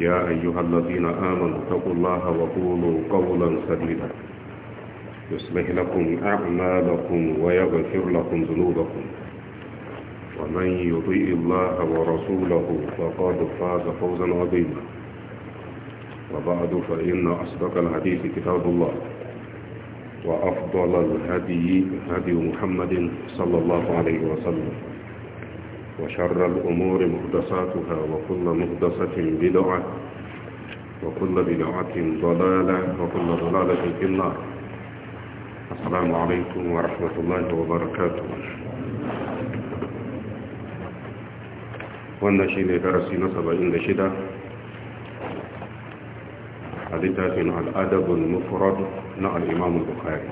يا أيها الذين آمنوا اتقوا الله وقولوا قولا سديدا يصلح لكم أعمالكم ويغفر لكم ذنوبكم ومن يطيء الله ورسوله فقد فاز فوزا عظيما وبعد فإن أصدق الحديث كتاب الله وأفضل الهدي هدي محمد صلى الله عليه وسلم وشر الأمور مهدساتها وكل مهدسة بدعة وكل بدعة ضلالة وكل ضلالة في النار السلام عليكم ورحمة الله وبركاته والنشيد درسي نصب إن شدة حديثات الأدب المفرد نعى الإمام البخاري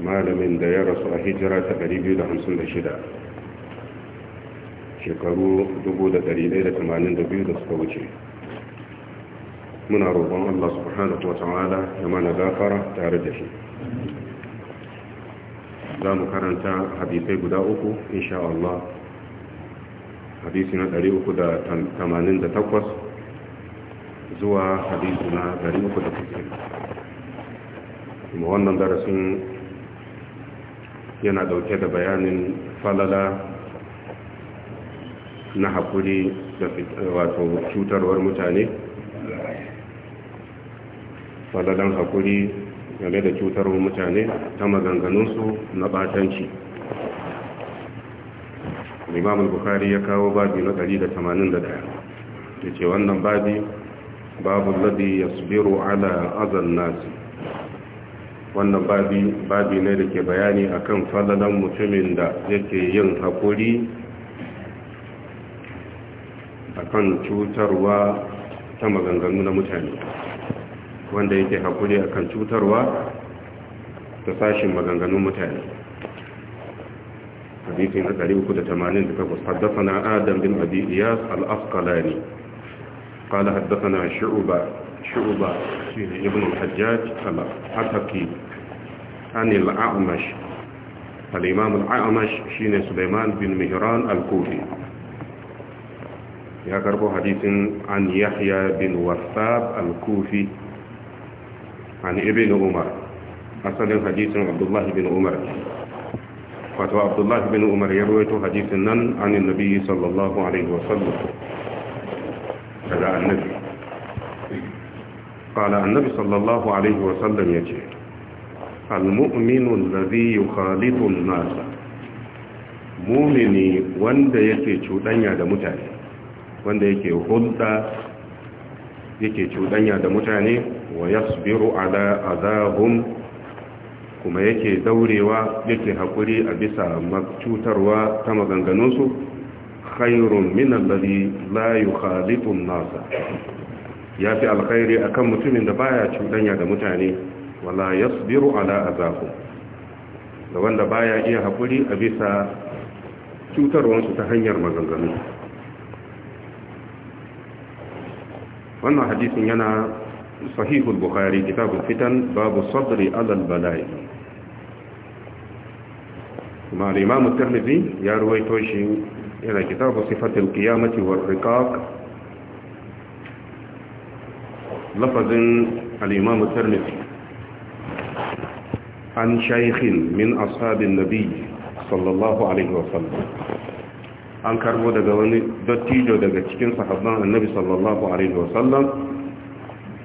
malamin da ya rasu a hijira ta 256 shekaru 1182 da suka wuce muna roƙon Allah subhanahu wata'ala ya mana gafara tare da shi za mu karanta hadisai guda uku insha Allah hadisi na 388 zuwa hadisi na 390 wannan darasin yana dauke da bayanin falala na hakuri da wato cutarwar mutane falalan hakuri game da cutarwar mutane ta maganganunsu na batanci imam bukari ya kawo babi na 181 da ce wannan babi babu ladi ya ala azan nasi wannan babi ne da ke bayani akan falalan mutumin da yake yin haƙuri akan cutarwa ta maganganu na mutane wanda yake haƙuri akan cutarwa ta sashin maganganun mutane hadisi na 388 haddasa adam bin abi iyas al afqalani qala shu'ba shu'ba shi ne ibn al-hajjaj الحجاج العتقي عن الأعمش الإمام الأعمش شين سليمان بن مهران الكوفي يا كربو حديث عن يحيى بن وثاب الكوفي عن ابن عمر أصل حديث عبد الله بن عمر فتوى عبد الله بن عمر يروي حديث عن النبي صلى الله عليه وسلم هذا النبي قال النبي صلى الله عليه وسلم يجي المؤمن الذي يخالط الناس مؤمني wanda yake cudanya da mutane wanda yake hulɗa yake cudanya da mutane wa yasbiru ala kuma yake daurewa yake haƙuri a bisa cutarwa ta maganganunsu khairun min alladhi la yukhalitu an-nasa yafi alkhairi akan mutumin da baya cudanya da mutane wala yasbiru ala azahum da wanda baya iya hakuri a bisa cutarwansu ta hanyar maganganu wannan hadisin yana sahihul bukhari kitabul fitan babu sadri alal bala'i kuma al-imam at-tirmidhi ya ruwaito shi yana kitabu sifatul qiyamati war riqaq lafazin al-imam at-tirmidhi عن شيخ من أصحاب النبي صلى الله عليه وسلم عن كربو دا غواني دتيجو دا تشكين صحابنا النبي صلى الله عليه وسلم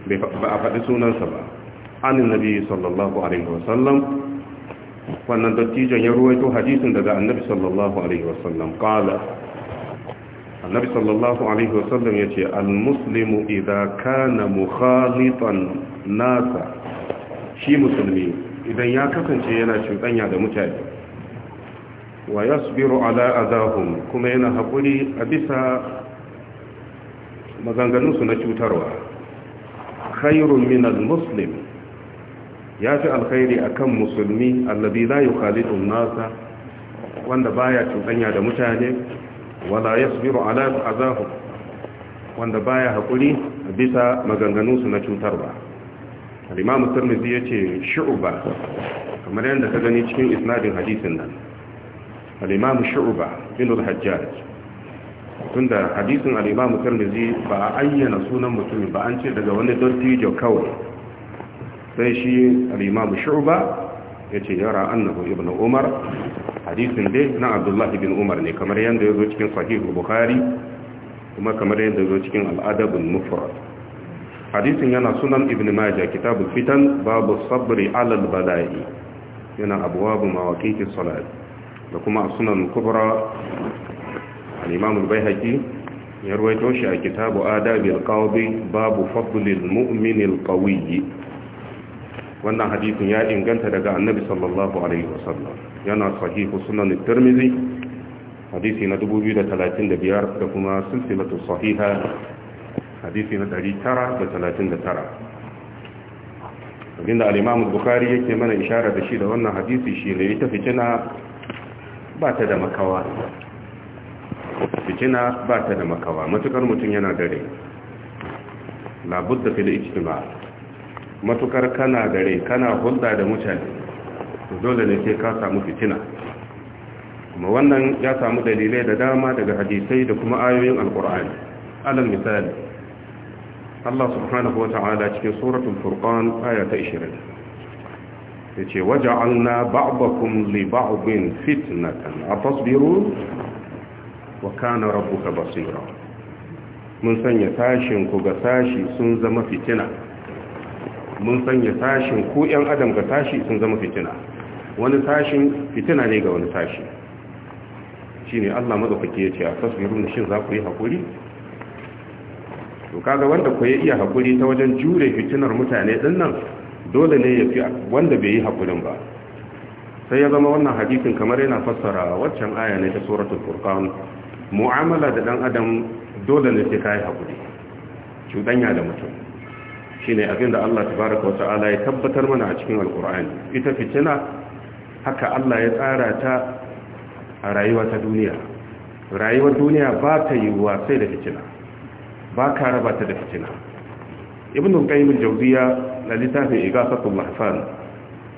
بأفادسونا سبا عن النبي صلى الله عليه وسلم وانا دتيجو يرويتو حديث دا النبي صلى الله عليه وسلم قال النبي صلى الله عليه وسلم يتي المسلم إذا كان مخالطا ناسا شي مسلمين idan ya kasance yana cuɗanya da mutane wa yasbiru ala azahum kuma yana haƙuri a bisa maganganunsu na cutarwa khairun min al-muslim ya fi alkhairi a kan musulmi allabi la yi khalidun nasa wanda baya cuɗanya da mutane wala yasbiru ala azahum wanda ya haƙuri bisa maganganunsu na cutarwa al-imam ya ce shu'ba kamar yadda ka gani cikin isnadin hadisin nan alimamu imam shu'ba bin al-hajjaj tunda hadisin alimamu imam ba a ayyana sunan mutumin ba an ce daga wani dattijo kawai sai shi alimamu imam ya ce yara annahu ibn umar hadisin dai na abdullahi bin umar ne kamar yadda ya zo cikin sahih bukhari kuma kamar yadda ya zo cikin al-adab al hadisin yana sunan ibn majah kitabul fitan babu sabri alal bala'i yana abwabu mawaqitis salat da kuma sunan kubra al-imam al ya ruwaito shi a kitabu adabil qawbi babu fadlil mu'minil qawiy wannan hadisin ya inganta daga annabi sallallahu alaihi wasallam yana sahihu sunan at-tirmidhi hadisi na 2035 da kuma silsilatu sahiha hadisi na 939 abinda al-imamu bukhari yake mana ishara da shi da wannan hadisi shi ne ita fitina ba ta da makawa fitina ba ta da makawa matukar mutum yana dare labudda fil ijtima matukar kana dare kana hulɗa da mutane dole ne sai ka samu fitina kuma wannan ya samu dalilai da dama daga hadisai da kuma ayoyin Alƙur'ani. alal misali Allah subhanahu wa ta'ala cikin suratul furqan aya ta 20 yace waja'alna ba'dakum li ba'din fitnatan atasbiru wa kana rabbuka basira mun sanya tashin ku ga tashi sun zama fitina mun sanya tashin ku yan adam ga tashi sun zama fitina wani tashin fitina ne ga wani tashi shine Allah madaukake yace atasbiru shin za ku yi hakuri to kaga wanda ko ya iya hakuri ta wajen jure fitinar mutane dinnan dole ne ya fi wanda bai yi hakurin ba sai ya zama wannan hadisin kamar yana fassara waccan aya ne ta suratul furqan mu'amala da dan adam dole ne sai kai hakuri cuɗanya da mutum shine abinda Allah tabaaraka wa ta'ala ya tabbatar mana a cikin alqur'ani ita fitina haka Allah ya tsara ta a rayuwa ta duniya rayuwar duniya ba ta yiwuwa sai da fitina ba ka raba ta da fitina ibn al-qayyim al-jawziya na littafin igasatul mahfan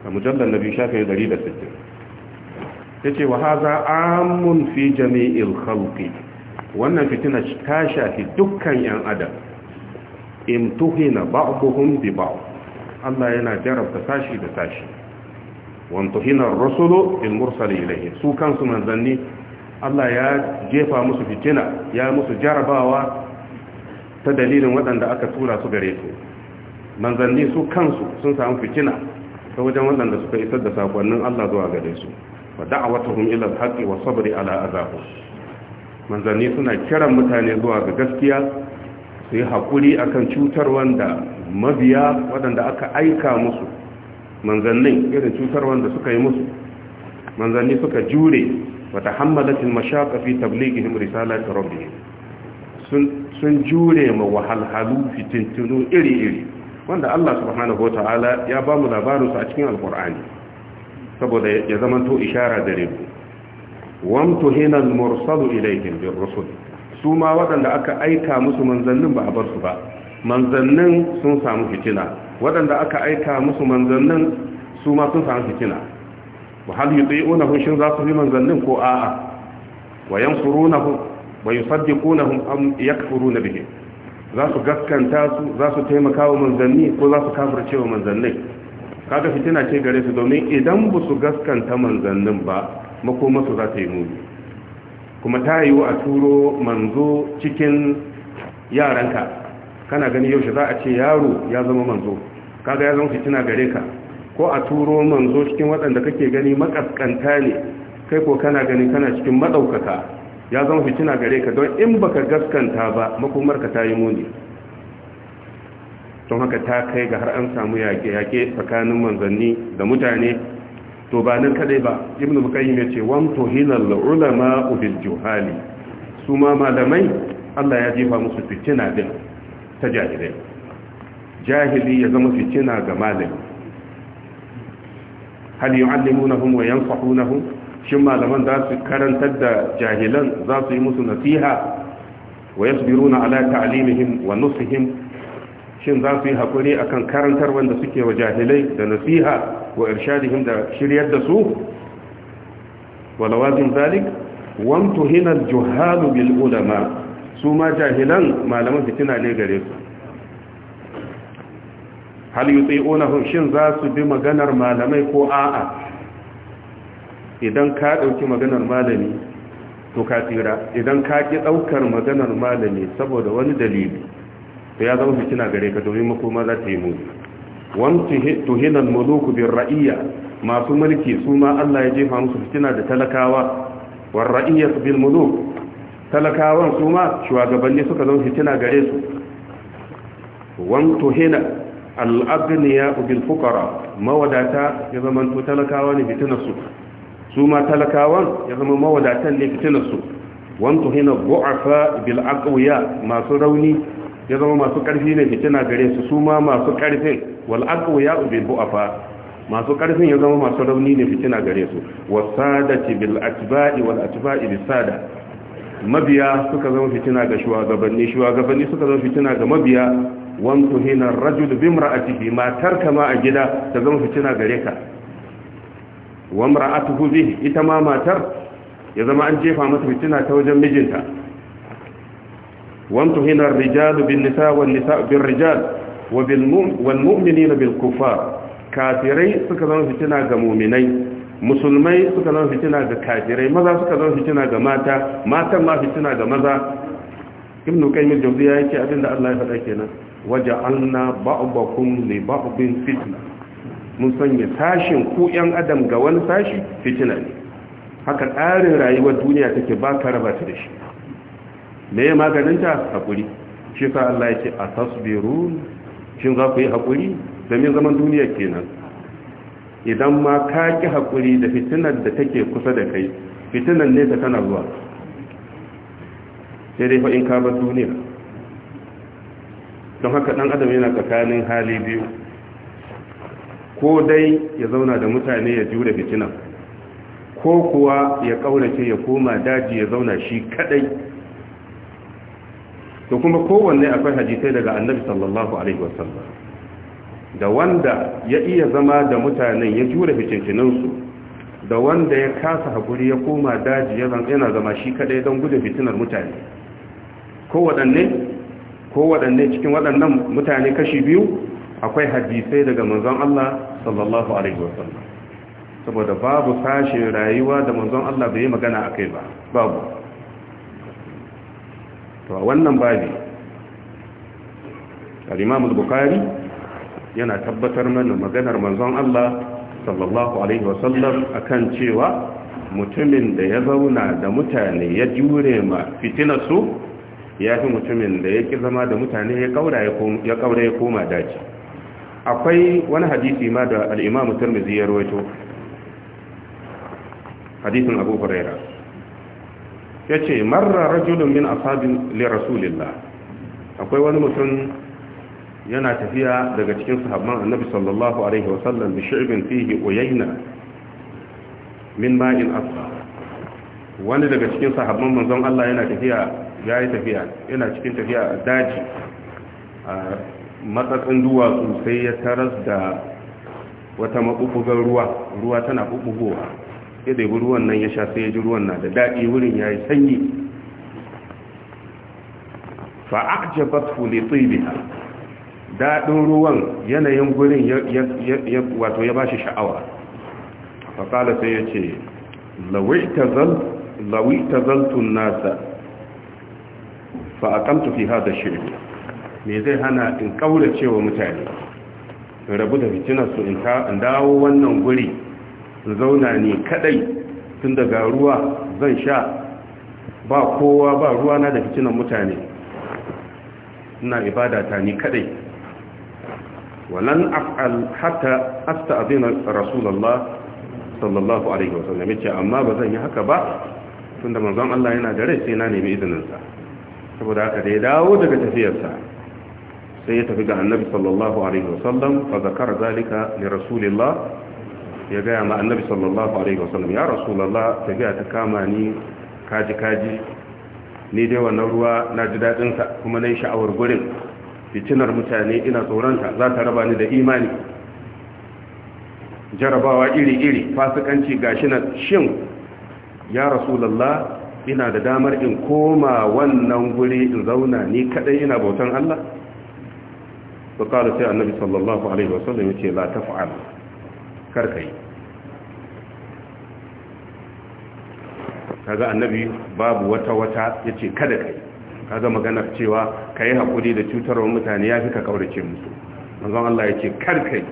a mujallal nabi shafi 160 yace wa hadha amun fi jami'il khalqi wannan fitina ta shafi dukkan yan adam imtuhina ba'dhum bi ba'd Allah yana jarabta sashi da sashi wamtuhina ar-rusulu bil mursali ilayhi su kansu manzanni Allah ya jefa musu fitina ya musu jarabawa ta dalilin waɗanda aka tura su gare su manzanni su kansu sun samu fitina ta wajen waɗanda suka isar da sakonnin Allah zuwa gare su wa da'awatuhum ila al-haqqi wa sabri ala azabi manzanni suna kiran mutane zuwa ga gaskiya su yi hakuri akan cutar wanda mabiya waɗanda aka aika musu manzannin irin cutar wanda suka yi musu manzanni suka jure wa tahammalatil mashaqqa fi tablighihim risalati rabbihim sun jure ma wahalhalu fitintunu iri-iri wanda Allah subhanahu wata'ala ya ba mu labarinsu a cikin alkur'ani saboda ya to ishara da rebu wamtu hinan mursalu ilaihim bin rusul su ma waɗanda aka aika musu manzannin ba a bar su ba manzannin sun samu fitina waɗanda aka aika musu manzannin su ma sun samu fitina wa hal yuti'unahu shin za su yi manzannin ko a'a wa yansurunahu bai saddiqunahum am yakfuruna bihi za su gaskanta su za su taimaka wa manzanni ko za su kafirce wa manzannin kaga fitina ce gare su domin idan ba su gaskanta manzannin ba makoma su za ta yi muni kuma ta yiwu a turo manzo cikin yaranka kana gani yaushe za a ce yaro ya zama manzo kaga ya zama fitina gare ka ko a turo manzo cikin waɗanda kake gani makaskanta ne kai ko kana gani kana cikin maɗaukaka ya zama fitina gare ka don in baka gaskanta ba makomarka ta yi muni don haka ta kai ga har an samu yake yake tsakanin manzanni da mutane to ba nan kadai ba ibnu bukayyim ya ce wan tuhinal ulama bil juhali su ma malamai Allah ya jefa musu fitina din ta jahilai jahili ya zama fitina ga malami hal yu'allimunahum wa yanfa'unahum shin malaman za su karantar da jahilan za su yi musu nasiha wa na ala ta'limihim wa nusihim shin za su yi hakuri akan karantar wanda suke wa jahilai da nasiha wa irshadihim da shiryar da su wa lawazim zalik wa tuhina al-juhalu bil ulama su ma jahilan malaman fitina ne gare su hal yuti'unahum shin za su bi maganar malamai ko a'a idan ka ɗauki maganar malami to ka tsira idan ka ƙi ɗaukar maganar malami saboda wani dalili to ya zama fitina gare ka domin makoma za ta yi mu wani tuhinan muluku bin ra'iyya masu mulki su ma Allah ya jefa musu fitina da talakawa war ra'iyya bil muluk talakawan su ma shugabanni suka zama fitina gare su wani tuhina al'agniya bil fuqara mawadata ya zama to talakawa ne fitina su su ma talakawan ya zama mawadatan ne fitinarsu wanto hina bu'afa bil aqwiya masu rauni ya zama masu karfi ne fitina gare su su ma masu karfin wal aqwiya bi bu'afa masu karfin ya zama masu rauni ne fitina gare su wasadati bil atba'i wal atba'i bis sada mabiya suka zama fitina ga shugabanni shugabanni suka zama fitina ga mabiya wanto hina rajul bimra'atihi matar kama a gida ta zama fitina gare ka wa mar'atuhu bihi ita ma matar ya zama an jefa masa fitina ta wajen mijinta Wan وامتهن الرجال بالنساء والنساء بالرجال والمؤمنين بالكفار Kafirai suka zama fitina ga mu'minai musulmai suka zama fitina ga kafirai maza suka zama fitina ga mata matan ma fitina ga maza ibnu qayyim jawziya yake abinda Allah ya faɗa kenan waja'alna ba'dakum li ba'din fitna mun sanya sashin ku yan adam ga wani sashi fitina ne haka tsarin rayuwar duniya take ba ka raba ta da shi me ya maganinta hakuri shi sa Allah ya ce a tasbirun shin za ku yi hakuri domin zaman duniya kenan idan ma ka ki hakuri da fitinar da take kusa da kai fitinar ne ta tana zuwa sai dai fa in ka bar duniya don haka ɗan adam yana tsakanin hali biyu ko dai ya zauna da mutane ya jure fitina ko kuwa ya kaurace ya koma daji ya zauna shi kadai to kuma kowanne akwai hadisai daga annabi sallallahu alaihi wasallam da wanda ya iya zama da mutanen ya jure su, da wanda ya kasa hakuri ya koma daji yana zama shi kadai don gudun fitinar mutane ko waɗanne ko waɗanne cikin waɗannan mutane kashi biyu akwai hadisai daga manzon Allah sallallahu alaihi wasallam saboda babu sashin rayuwa da manzon Allah bai magana akai ba babu to wannan babi al-Imam bukhari yana tabbatar mana maganar manzon Allah sallallahu alaihi wasallam akan cewa mutumin da ya zauna da mutane ya jure ma su ya fi mutumin da ya ki zama da mutane ya kaura ya koma daji akwai wani hadisi ma da al'imamu turmizi ya rawaito hadisin abu huraira ya ce marar rajulun min asabin li rasulillah akwai wani mutum yana tafiya daga cikin sahabban annabi sallallahu alaihi wasallam da shi'ibin fihi uyayna min ma'in Asa. wani daga cikin sahabban manzon Allah yana tafiya ya yi tafiya yana cikin tafiya a daji matsakan duwatsu sai ya taras da wata maɓuɓɓugar ruwa ruwa tana ɓuɓɓugowa ya ɗaibi ruwan nan ya sha sai ya ji ruwan na da daɗi wurin ya yi sanyi fa'ajabat fulitsi biya daɗin ruwan yanayin gurin wato ya ba shi sha'awa faƙala sai ya ce lawi ta zaltun nasa fa'akamtu fi ha da shirya me zai hana in kauracewa mutane in rabu da fitinar su in dawo wannan guri in zauna ne kadai tun daga ruwa zan sha ba kowa ba ruwa na da fitinar mutane ina ibada ta ni kadai walan af'al hatta asta'dina rasulullah sallallahu alaihi wasallam yace amma ba zan yi haka ba tunda manzon Allah yana da rai sai na nemi izininsa. saboda haka da dawo daga tafiyarsa sai ya tafi ga annabi sallallahu alaihi wasallam fa zakara zalika li rasulillah ya gaya ma annabi sallallahu alaihi wasallam ya rasulullah tafiya ta kama ni kaji kaji ni dai wannan ruwa na ji dadin sa kuma nayi sha'awar gurin fitinar mutane ina tsoron ta za ta raba ni da imani jarabawa iri iri fasikanci gashi na shin ya rasulullah ina da damar in koma wannan guri in zauna ni kadai ina bautan Allah ba kala sai annabi sallallahu alaihi wasallam ya ce la taf'al karka yi kaga annabi babu wata wata ya ce kada kai kaga magana cewa ka yi da cutarwar mutane ya fi ka kaurace musu manzon Allah ya ce karka yi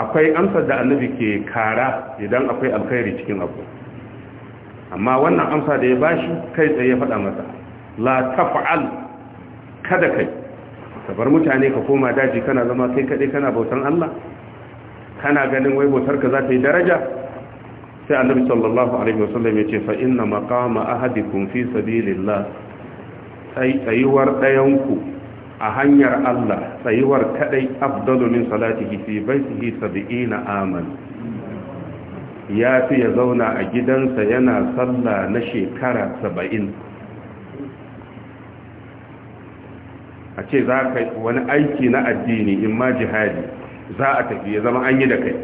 akwai amsar da annabi ke kara idan akwai alkhairi cikin abu amma wannan amsa da ya bashi kai tsaye ya faɗa masa la taf'al kada kai ka bar mutane ka koma daji kana zama kai kaɗai kana bautan Allah kana ganin wai bautar za ta yi daraja sai annabi sallallahu alaihi wasallam ya ce fa inna maqama ahadikum fi sabilillah sai tsayuwar ɗayanku a hanyar Allah tsayuwar kadai afdalu min salatihi fi baitihi 70 aman ya fi ya zauna a gidansa yana sallah na shekara saba'in a ce za ka wani aiki na addini in ma jihadi za a tafi ya zama an yi da kai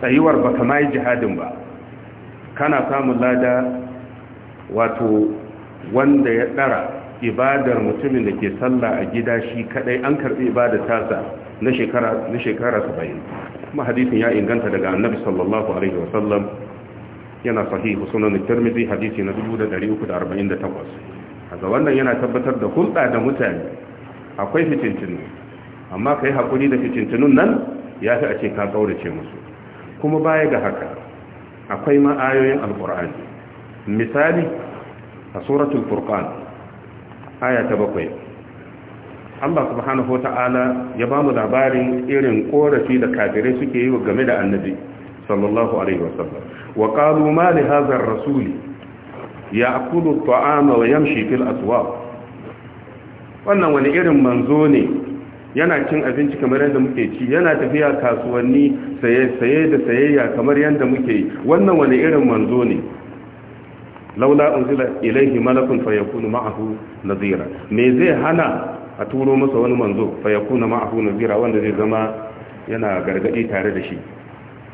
tsayuwar ba ka yi jihadin ba kana samun lada wato wanda ya ɗara ibadar mutumin da ke sallah a gida shi kadai an karɓi ibadar tasa na shekara saba'in kuma hadisin ya inganta daga annabi sallallahu alaihi wasallam yana sahihu sunan tirmidhi hadisi na 348 daga wannan yana tabbatar da hulɗa da mutane akwai fitintinu amma ka yi haƙuri da fitintinun nan ya fi a ce ka ƙaurace musu kuma baya ga haka akwai ma'ayoyin alƙur'ani misali a suratul furqan aya ta bakwai Allah subhanahu ta'ala ya ba mu labarin irin ƙorafi da kafirai suke yi game da annabi sallallahu alaihi wasallam wa qalu ma li hadha ar-rasuli ya akulu ta'ama wa yamshi fil aswaq wannan wani irin manzo ne yana cin abinci kamar yadda muke ci yana tafiya kasuwanni saye saye da sayayya kamar yadda muke yi wannan wani irin manzo ne laula unzila ilayhi malakun fayakunu ma'ahu nadhira me zai hana a turo masa wani manzo fayakunu ma'ahu nadhira wanda zai zama yana gargadi tare da shi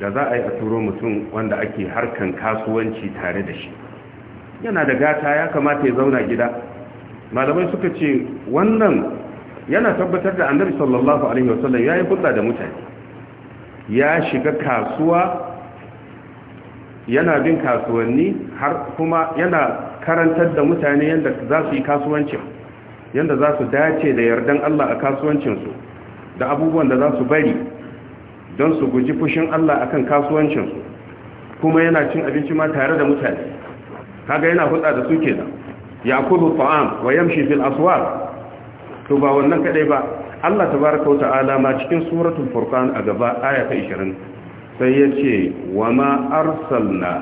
da za a yi a turo mutum wanda ake harkan kasuwanci tare da shi yana da gata ya kamata ya zauna gida malamai suka ce wannan yana tabbatar da annabi sallallahu alaihi wasallam yayi hulɗa da mutane ya shiga kasuwa yana bin kasuwanni har kuma yana karantar da mutane yadda za su yi kasuwancin yadda za su dace da yardan Allah a kasuwancinsu da abubuwan da za su bari don su guji fushin Allah akan kasuwancinsu kuma yana cin abinci ma tare da mutane kaga yana hulɗa da su Ya yakulu ta'am wa yamshi fil aswaq to ba wannan kadai ba Allah tabaaraka wa ta'ala ma cikin suratul furqan a gaba aya ta 20 sai yace wa ma arsalna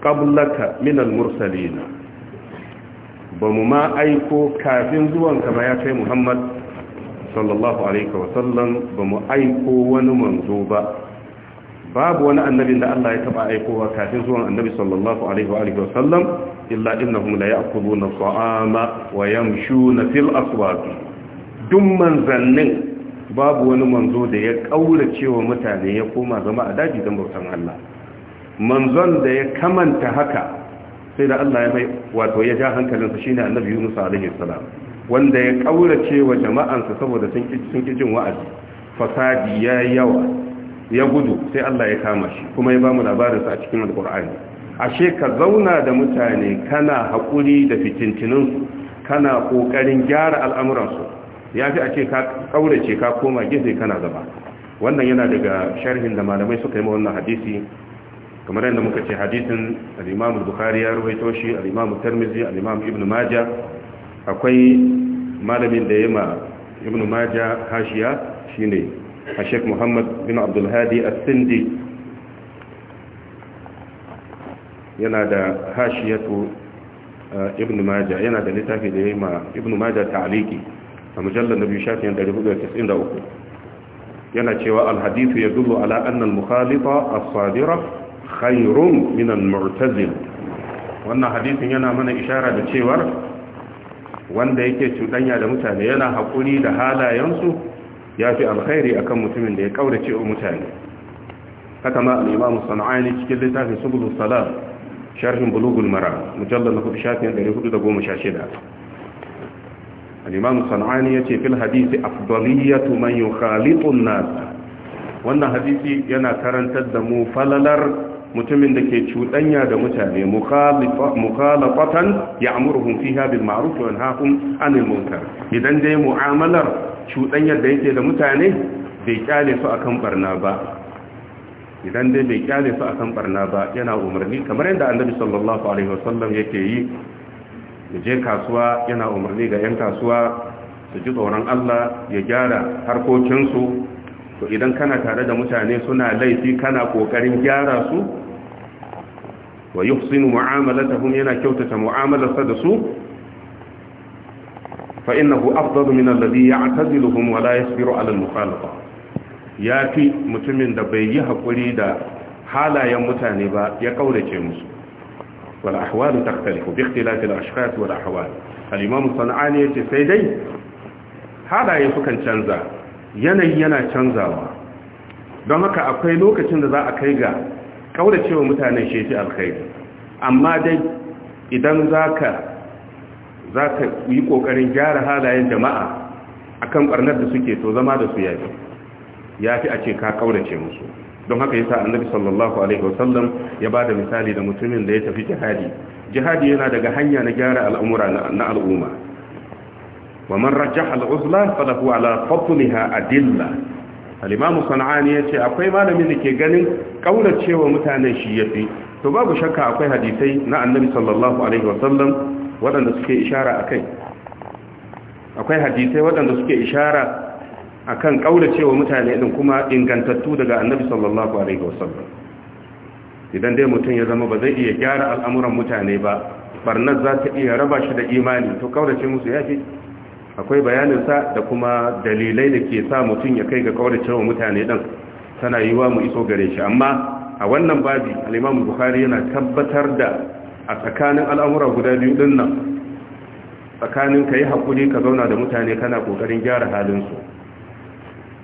qablaka minal mursalin bamu ma aiko kafin zuwanka ba ya kai Muhammad sallallahu alaihi wa sallam bamu aiko wani manzo ba babu wani annabin da Allah ya taba aikowa kafin zuwan annabi sallallahu alaihi wa alihi wasallam illa innahum la ya'kuluna ta'ama wa yamshuna fil aswaq duk manzannin babu wani manzo da ya kaurace wa mutane ya koma zama a daji don bautan Allah manzon da ya kamanta haka sai da Allah ya mai wato ya ja hankalinsa shine annabi Yunus alaihi salam wanda ya ƙauracewa jama'ansa saboda sun ki sun jin wa'azi fasadi ya yawa ya gudu sai Allah ya kama shi kuma ya ba mu labarinsa a cikin alkur'ani ashe ka zauna da mutane kana haƙuri da fitintininsu kana ƙoƙarin gyara al'amuransu ya fi a ka ƙaurace ka koma gefe kana zaba wannan yana daga sharhin da malamai suka yi wannan hadisi kamar yadda muka ce hadisin al'imamu bukari ya ruwaito shi al'imamu tarmizi al'imamu ibn maja akwai malamin da ya ma ibn maja hashiya shine a sheik muhammad bin abdulhadi a sindi yana da hashiyatu ibn maja yana da littafi da yi ma ibn maja ta'aliki a mujallar na biyu shafiyan 493 yana cewa alhadisu ya dullu ala annal mukhalifa as-sadira khairun min al wannan hadisin yana mana ishara da cewar wanda yake cuɗanya da mutane yana haƙuri da halayensu ya fi alkhairi akan mutumin da ya kaurace wa mutane haka ma al-imam cikin littafin subul salam sharhin bulugul mara mujallal na shafin 416 al-imam sana'ani yace fil hadisi afdaliyatu man yukhaliqu nas wannan hadisi yana karantar da mu falalar mutumin da ke cuɗanya da mutane mukhalafatan ya'muruhum fiha bil ma'ruf wa yanhahum 'anil munkar idan dai mu'amalar cuɗanyar da yake da mutane bai kyale su akan barna ba idan dai bai kyale su akan barna ba yana umarni kamar yadda annabi sallallahu alaihi wasallam yake yi je kasuwa yana umarni ga yan kasuwa su ji tsoron Allah ya gyara harkokinsu to idan kana tare da mutane suna laifi kana kokarin gyara su wa yuhsinu mu'amalatahum yana kyautata mu'amalarsa da su fa innahu afdalu min alladhi ya'taziluhum wa la yasbiru 'ala al-mukhalafa yafi mutumin da bai yi hakuri da halayen mutane ba ya kaurace musu wal ahwal takhtalifu bi ikhtilaf al-ashkhas wal ahwal al-imam sanani yace sai dai halaye sukan canza yanayi yana canza canzawa don haka akwai lokacin da za a kai ga ƙauracewa mutanen shi alkhairi amma dai idan zaka za ka yi ƙoƙarin gyara halayen jama'a akan ɓarnar da suke to zama da su yafi yafi a ce ka ƙaurace musu don haka yasa annabi sallallahu alaihi wasallam ya bada misali da mutumin da ya tafi jihadi jihadi yana daga hanya na gyara al'amura na al'umma wa man rajjaha al'uzla falahu ala fadliha adilla al-imam sanani yace akwai malamin da ke ganin kauracewa mutanen shi yafi to babu shakka akwai hadisai na annabi sallallahu alaihi wasallam waɗanda suke ishara a kai akwai hadisai waɗanda suke ishara a kan ƙauracewa mutane ɗin kuma ingantattu daga annabi sallallahu alaihi wasallam idan dai mutum ya zama ba zai iya gyara al'amuran mutane ba barnar za ta iya raba shi da imani to ƙaurace musu ya fi akwai bayaninsa da kuma dalilai da ke sa mutum ya kai ga ƙauracewa mutane ɗin tana yiwuwa mu iso gare shi amma a wannan babi al'imamu buhari yana tabbatar da a tsakanin al'amura guda biyu ɗin nan tsakanin ka yi haƙuri ka zauna da mutane kana ƙoƙarin gyara halinsu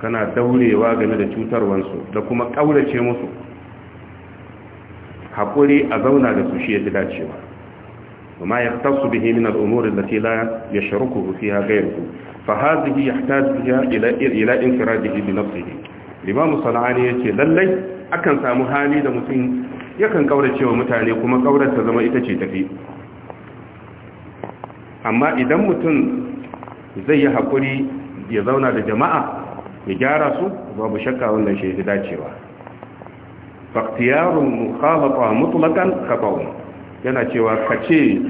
kana daurewa game da cutarwansu da kuma ƙaurace musu haƙuri a zauna da su shi ya fi dacewa وما يختص به من الأمور التي لا يشركه فيها غيره فهذه يحتاج بها إلى, إلى انفراده بنفسه الإمام ya ce lallai akan samu hali da mutum yakan kaurace wa mutane kuma kaurar zama ita ce tafi amma idan mutum zai yi haƙuri ya zauna da jama'a ya gyara su babu shakka wannan shi dacewa faktiyarun mukhalata mutlaqan khabawun yana cewa kace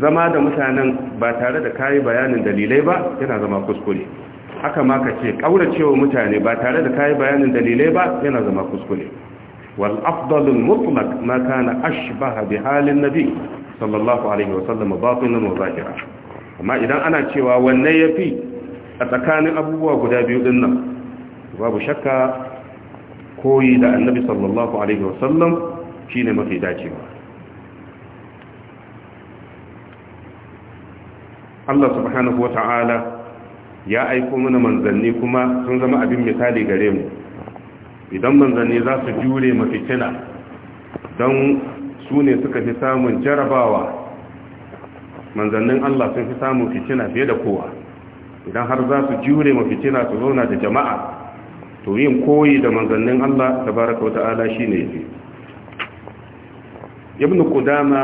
zama da mutanen ba tare da kayi bayanin dalilai ba yana zama kuskure haka ma kace kauracewa mutane ba tare da kayi bayanin dalilai ba yana zama kuskure wal afdalul mutlaq ma kana ashbaha bi halin nabi sallallahu alaihi wasallam batinan wa amma idan ana cewa wanne yafi a tsakanin abubuwa guda biyu din nan babu shakka koyi da annabi sallallahu alaihi wasallam shine mafi dacewa Allah subhanahu wa ta'ala ya aiko mana manzanni kuma sun zama abin misali gare mu idan manzanni za su jure mafitina don su ne suka fi samun jarabawa manzannin Allah sun fi samun fitina fiye da kowa idan har za su jure mafitina su zauna da jama'a to yin koyi da manzannin Allah ta tabaraka wata'ala shine yake ibn kudama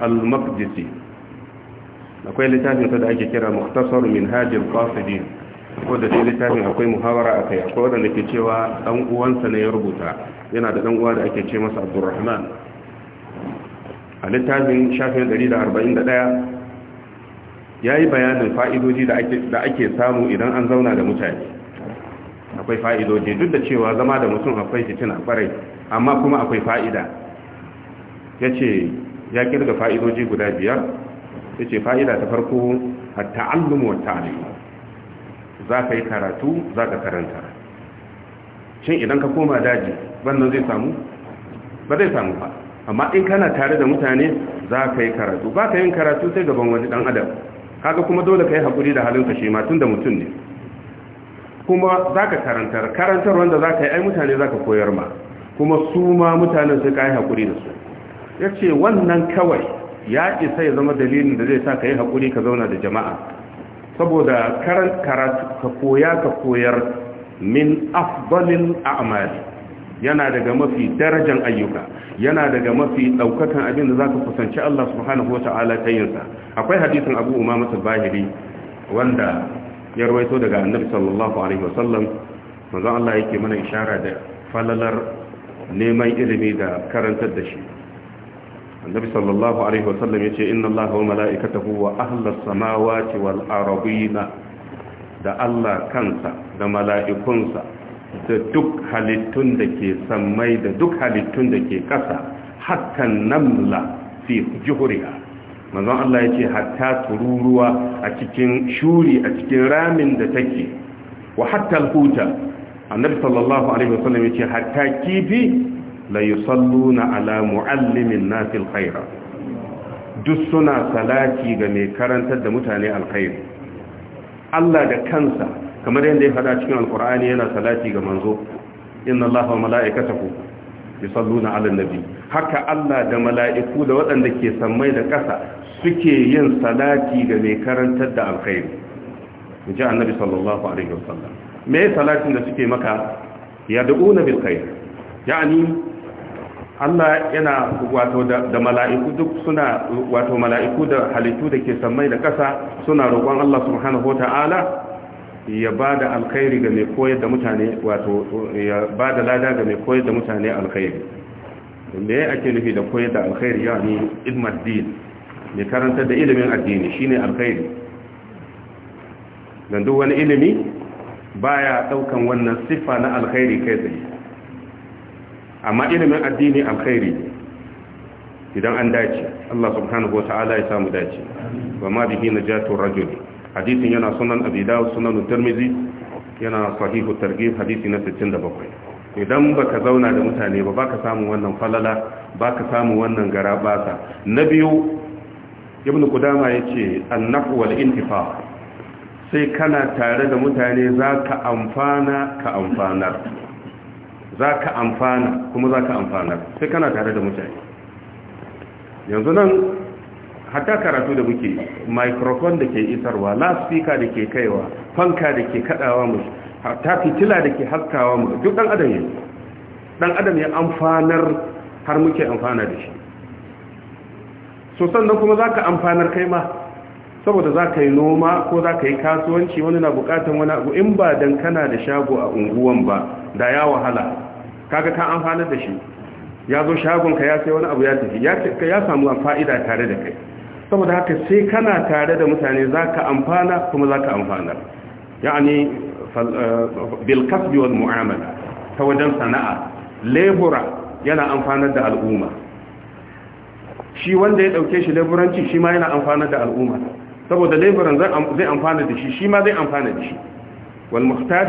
al-maqdisi akwai littafin da ake kira muktasar min al-qasidin wanda dai littafin akwai muhawara a kai akwai wadanda ke cewa dan uwansa ne ya rubuta yana da dan uwa da ake ce masa abdurrahman a littafin shafin 141 yi bayanin fa'idoji da ake samu idan an zauna da mutane akwai fa'idoji duk da cewa zama da mutum akwai fitina kwarai amma kuma akwai fa'ida Ya ce ya kirga fa'idoji guda biyar ya ce fa'ida ta farko a taallum wa at za ka yi karatu za ka karanta shin idan ka koma daji wannan zai samu ba zai samu ba amma in kana tare da mutane za ka yi karatu ba ka yin karatu sai gaban wani dan adam kaga kuma dole ka yi haƙuri da halinka shi ma tun da mutum ne kuma za ka karantar karantar wanda za ka yi ai mutane za ka koyar ma kuma su ma mutanen sai ka yi hakuri da su ya ce wannan kawai ya isa ya zama dalilin da zai sa ka yi hakuri ka zauna da jama'a saboda karatu ka koya ka koyar min afdalil a'mal yana daga mafi darajan ayyuka yana daga mafi daukakan abin da zaka kusanci Allah subhanahu wata'ala ta yinsa. akwai hadisin Abu Umama al wanda ya rawaito daga Annabi sallallahu alaihi wasallam manzo Allah yake mana ishara da falalar neman ilimi da karantar da shi annabi sallallahu alaihi wasallam yace inna allaha wa mala'ikatahu wa ahlus samawati wal ardina da Allah kansa da mala'ikunsa da duk halittun da ke sammai da duk halittun da ke ƙasa hakan namla fi juhuriya manzon Allah yace hatta tururuwa a cikin shuri a cikin ramin da take wa hatta huta annabi sallallahu alaihi wasallam ce hatta kifi la ala muallimin nasil khaira duk suna salati ga mai karantar da mutane alkhairi Allah da kansa kamar yadda ya faɗa cikin alkur'ani yana salati ga manzo inna Allaha wa mala'ikatahu yusalluna ala nabi haka Allah da mala'iku da waɗanda ke sammai da ƙasa suke yin salati ga mai karantar da alkhairi ji annabi sallallahu alaihi wasallam me salatin da suke maka ya da'una bil khair yani Allah yana wato da mala'iku duk suna wato mala'iku da halittu da ke sammai da ƙasa suna roƙon Allah subhanahu wata'ala ya ba da alkhairi ga mai koyar da mutane wato ya ba da lada ga mai koyar da mutane alkhairi me ake nufi da koyar da alkhairi ya ne ilmar din mai karanta da ilimin addini shine alkhairi don duk wani ilimi baya ɗaukan wannan siffa na alkhairi kai tsaye amma ilimin addini alkhairi idan an dace Allah subhanahu wata'ala ya samu dace wa ma bihi najatu rajul hadisi yana sunan abi dawud sunan tirmidhi yana sahihu targhib hadisi na 67 idan baka zauna da mutane ba baka samu wannan falala baka samu wannan garabasa na biyu ibn qudama yace an-nafu wal intifa sai kana tare da mutane zaka amfana ka amfanar za ka amfana kuma za ka amfana sai kana tare da mutane yanzu nan hatta karatu da muke microphone da ke isarwa loudspeaker da ke kaiwa fanka da ke kadawa mu hatta fitila da ke haskawa mu duk dan adam ne dan adam ya amfanar har muke amfana da shi so sannan kuma za ka amfanar kai ma saboda za ka yi noma ko za ka yi kasuwanci wani na bukatan wani abu in ba dan kana da shago a unguwan ba da ya wahala kaga ka amfanar da shi ya zo shagonka ya sai wani abu ya tafi ya samu fa'ida tare da kai saboda haka sai kana tare da mutane za ka amfana kuma za ka amfanar ya'ani eh, bilkasbi wal mu'amala ta wajen sana'a lebura yana amfanar da al'umma shi wanda ya dauke shi leburanci shi ma yana amfanar da al'umma saboda leburan zai amfana da shi shi ma zai amfana da shi wal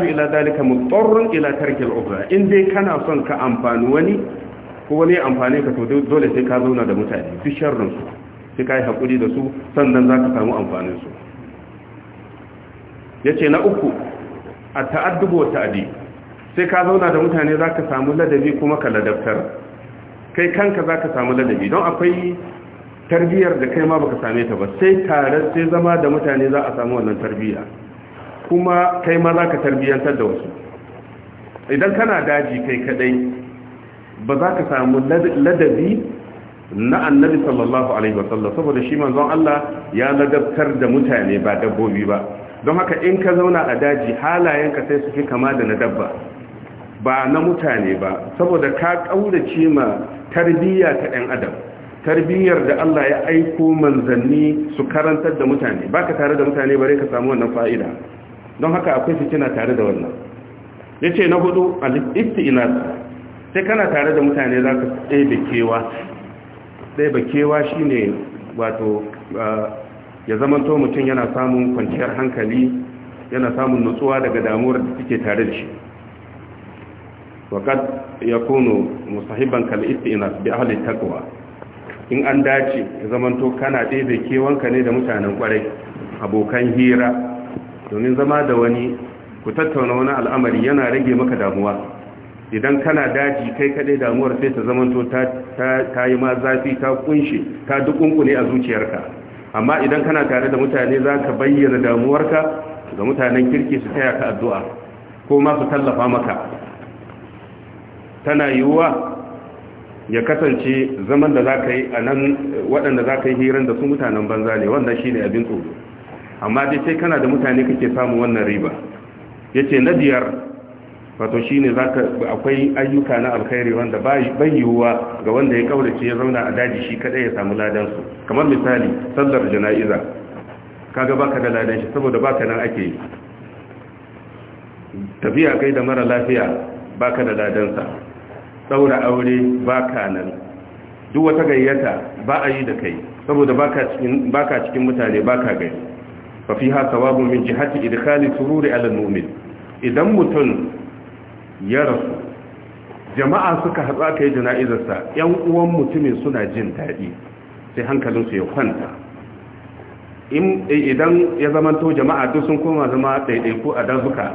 ila dalika mutarrun ila tarkil ubra in dai kana son ka amfani wani ko wani amfani ka to dole sai ka zauna da mutane fi sharrin su sai kai hakuri da su sannan zaka samu amfanin su yace na uku at ta'addubu wa ta'di sai ka zauna da mutane zaka samu ladabi kuma ka ladabtar kai kanka zaka samu ladabi don akwai tarbiyar da kai ma baka same ta ba sai tare sai zama da mutane za a samu wannan tarbiyya kuma kai ma za ka tarbiyyantar da wasu idan kana daji kai kadai ba za ka samu ladabi na annabi sallallahu alaihi wasallam saboda shi manzon Allah ya ladabtar da mutane ba dabbobi ba don haka in ka zauna a daji halayenka sai su fi kama da na dabba ba na mutane ba saboda ka kaurace ma tarbiyya ta ɗan adam tarbiyyar da Allah ya aiko manzanni su karantar da mutane baka tare da mutane bare ka samu wannan fa'ida don haka akwai fitina tare da wannan ya ce na hudu al-iftinas sai kana tare da mutane za ka ɗaiba kewa ɗaiba kewa shi ne wato ya zamanto mutum yana samun kwanciyar hankali yana samun nutsuwa daga damuwar da suke tare da shi Wakad ya kono musahiban kal'istinas bi ahli takwa in an dace ya zamanto kana ɗaiba kewanka ne da mutanen kwarai abokan hira domin zama da wani ku tattauna wani al'amari yana rage maka damuwa idan kana daji kai kadai damuwar sai ta zamanto ta yi ma zafi ta kunshi ta dukunkune a zuciyarka amma idan kana tare da mutane za ka bayyana damuwarka ga mutanen kirki su taya ka addu'a ko ma su tallafa maka tana yiwuwa ya kasance zaman da za ka yi a nan waɗanda za ka yi hirar da su mutanen banza ne wannan shi ne abin tsoro amma dai sai kana da mutane kake samun wannan riba yace na biyar wato shine zaka akwai ayyuka na alkhairi wanda bai yiwuwa ga wanda ya kaurace ya zauna a daji shi kadai ya samu ladan su kamar misali sallar jana'iza kaga baka da ladan shi saboda baka nan ake tafiya kai da mara lafiya baka da ladan sa aure baka nan duk wata gayyata ba a yi da kai saboda baka cikin baka cikin mutane baka gani. fa fiha thawabun min jihati idkhali sururi ala mu'min idan mutum ya rasu jama'a suka hatsa kai jana'izarsa yan uwan mutumin suna jin daɗi sai hankalinsu ya kwanta idan ya zamanto jama'a duk sun koma zama ɗaiɗaiku a dazuka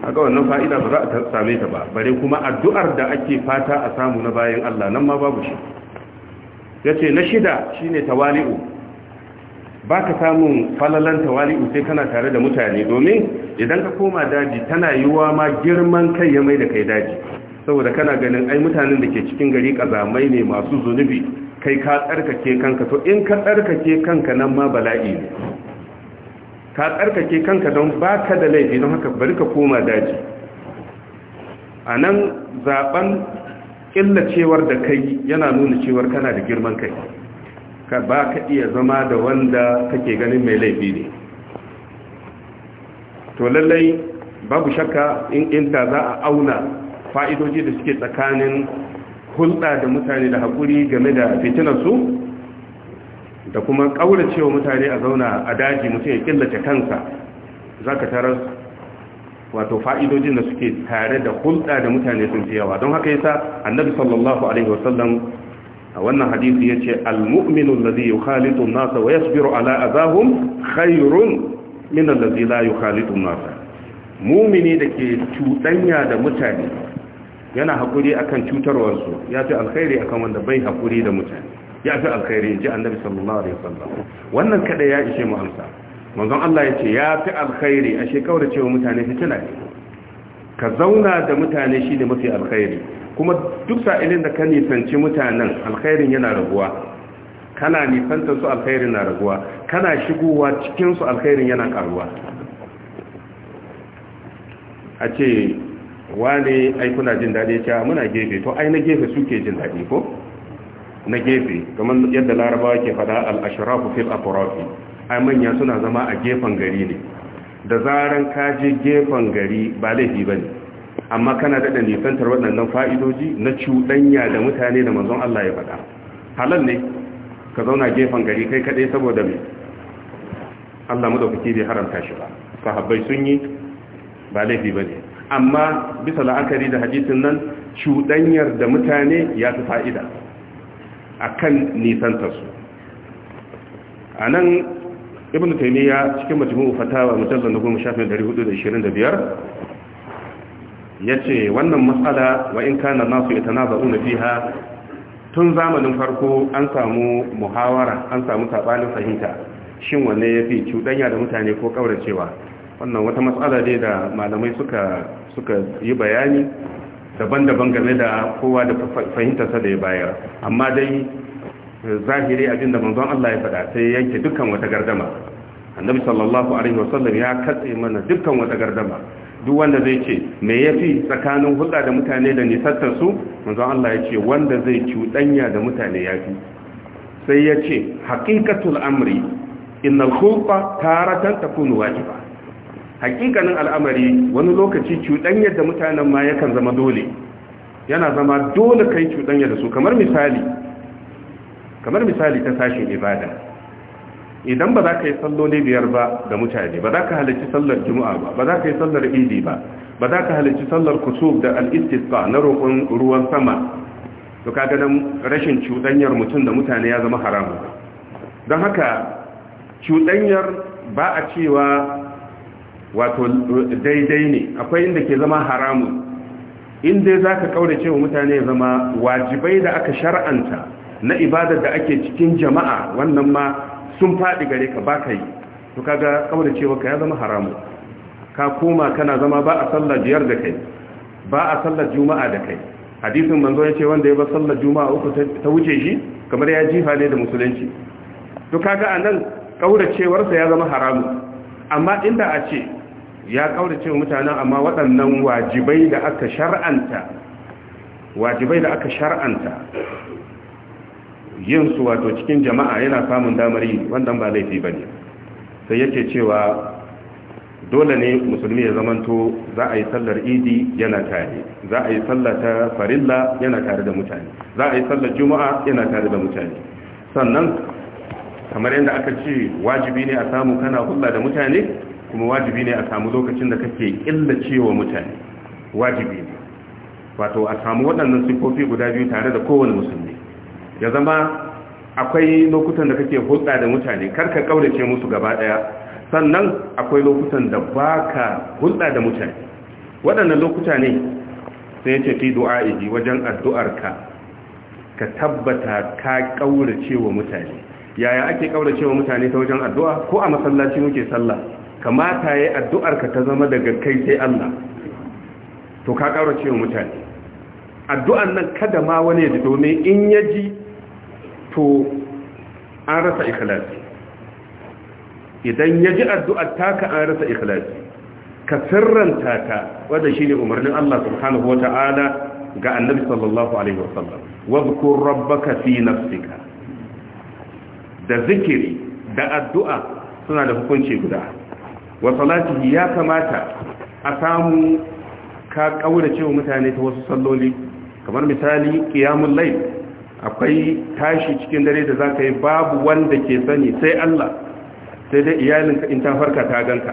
haka wannan fa'ida ba za a same ta ba bare kuma addu'ar da ake fata a samu na bayan Allah nan ma babu shi ya ce na shida shi ne tawali'u ba ka samun falalan tawali'u sai kana tare da mutane domin idan ka koma daji tana yiwuwa ma girman kai ya mai da kai daji saboda kana ganin ai mutanen da ke cikin gari kazamai ne masu zunubi kai ka tsarkake kanka to in ka tsarkake kanka nan ma bala'i ne ka tsarkake kanka don baka da laifi don haka bari ka koma daji a nan zaben killacewar da kai yana nuna cewar kana da girman kai ka ba ka iya zama da wanda kake ganin mai laifi ne to lallai babu shakka in inda za a auna fa'idoji da suke tsakanin hulɗa da mutane da haƙuri game da su da kuma cewa mutane a zauna a daji mutum ya killace kansa za ka tarar wato fa'idojin da suke tare da hulɗa da mutane sun fi yawa don haka yasa annabi sallallahu alaihi wasallam a wannan hadisi ya ce almu'minu allazi yukhalitu an-nasa wa yasbiru ala adahum khairun min allazi la yukhalitu an-nasa mu'mini ke cuɗanya da mutane yana hakuri akan cutarwar su yafi alkhairi kan wanda bai hakuri da mutane yafi alkhairi ji annabi sallallahu alaihi wasallam wannan kada ya ishe mu amsa manzon Allah ya ce ya fi alkhairi ashe kaurace cewa mutane fitina ka zauna da mutane shine mafi alkhairi kuma duk sa'ilin da ka nisanci mutanen alkhairin yana raguwa kana nisantar su alkhairin na raguwa kana shigowa cikinsu alkhairin yana karuwa a ce wane ai jin daɗi ce muna gefe to ai na gefe suke jin daɗi ko na gefe kamar yadda larabawa ke faɗa al'ashirafu ashrafu fil afrafi ai manya suna zama a gefen gari ne da zaran kaji gefen gari ba laifi ba ne. amma kana daɗa nisantar waɗannan fa'idoji na cuɗanya da mutane da manzon Allah ya faɗa halal ne ka zauna gefen gari kai kaɗai saboda mai Allah maɗaukaki bai haramta shi ba sahabbai sun yi ba laifi ba ne amma bisa la'akari da hadisin nan cuɗanyar da mutane ya fi fa'ida a kan nisantarsu a nan ibn taimiyya cikin majmu'u fatawa mujallar na goma ya ce wannan matsala wa in kana nasu yatanaza'una fiha tun zamanin farko an samu muhawara an samu sabanin fahimta shin wanne yafi cuɗanya da mutane ko kauracewa wannan wata matsala ne da malamai suka suka yi bayani daban-daban game da kowa da fahimtarsa da ya bayar amma dai eh, zahiri abinda manzon Allah ya faɗa sai yanke dukkan wata gardama annabi sallallahu alaihi wasallam ya katse mana dukkan wata gardama duk wanda zai ce me yafi tsakanin hulɗa da mutane da nisattar su manzon Allah ya ce wanda zai cuɗanya da mutane yafi sai ya ce haqiqatul amri innal khulqa taratan takunu wajiba haƙiƙanin al'amari wani lokaci cuɗanyar da mutanen ma yakan zama dole yana zama dole kai cuɗanya da su kamar misali kamar misali ta sashin ibada idan ba za ka yi salloli biyar ba da mutane ba za ka halarci sallar juma'a ba ba za ka yi sallar idi ba ba za ka halarci sallar kusur da al'istisba na roƙon ruwan sama to ka ganin rashin cuɗanyar mutum da mutane ya zama haramu don haka cuɗanyar ba a cewa wato daidai ne akwai inda ke zama haramu in dai za ka kaurace wa mutane ya zama wajibai da aka shar'anta na ibadar da ake cikin jama'a wannan ma sun faɗi gare ka ba ka yi to kaga kawai cewa ka ya zama haramu ka koma kana zama ba a sallar biyar da kai ba a sallar juma'a da kai hadisin manzo ya ce wanda ya ba sallar juma'a uku ta wuce shi kamar ya jifa ne da musulunci to kaga anan sa ya zama haramu amma inda a ce ya cewa mutanen amma waɗannan wajibai da aka shar'anta wajibai da aka shar'anta yin su wato cikin jama'a yana samun damar yi wannan ba laifi ba ne sai yake cewa dole ne musulmi ya zamanto za a yi sallar idi yana tare za a yi sallar ta farilla yana tare da mutane za a yi sallar juma'a yana tare da mutane sannan kamar yadda aka ce wajibi ne a samu kana hulla da mutane kuma wajibi ne a samu lokacin da kake cewa mutane wajibi ne wato a samu waɗannan sifofi guda biyu tare da kowane musulmi ya zama akwai lokutan da kake hulɗa da mutane karka kaurace musu gaba ɗaya sannan akwai lokutan da baka hulɗa da mutane waɗannan lokuta ne sai ce fi iji wajen addu'arka ka tabbata ka kaurace wa mutane yaya ake kaurace wa mutane ta wajen addu'a ko a masallaci muke sallah kamata yayi addu'arka ta zama daga kai sai Allah to ka kaurace wa mutane addu'an nan kada ma wani ya ji domin in ya ji to an rasa ikhlasi idan ya ji addu'ar taka an rasa ikhlasi ka sirranta ta shi shine umarnin Allah subhanahu ga annabi sallallahu alaihi wasallam wadhkur rabbaka fi nafsika da zikiri da addu'a suna da hukunci guda wa ya kamata a samu ka kaurace wa mutane ta wasu salloli kamar misali ƙiyamun layl akwai tashi cikin dare da za ka yi babu wanda ke sani sai Allah sai dai iyalinka in ta farka ta ganka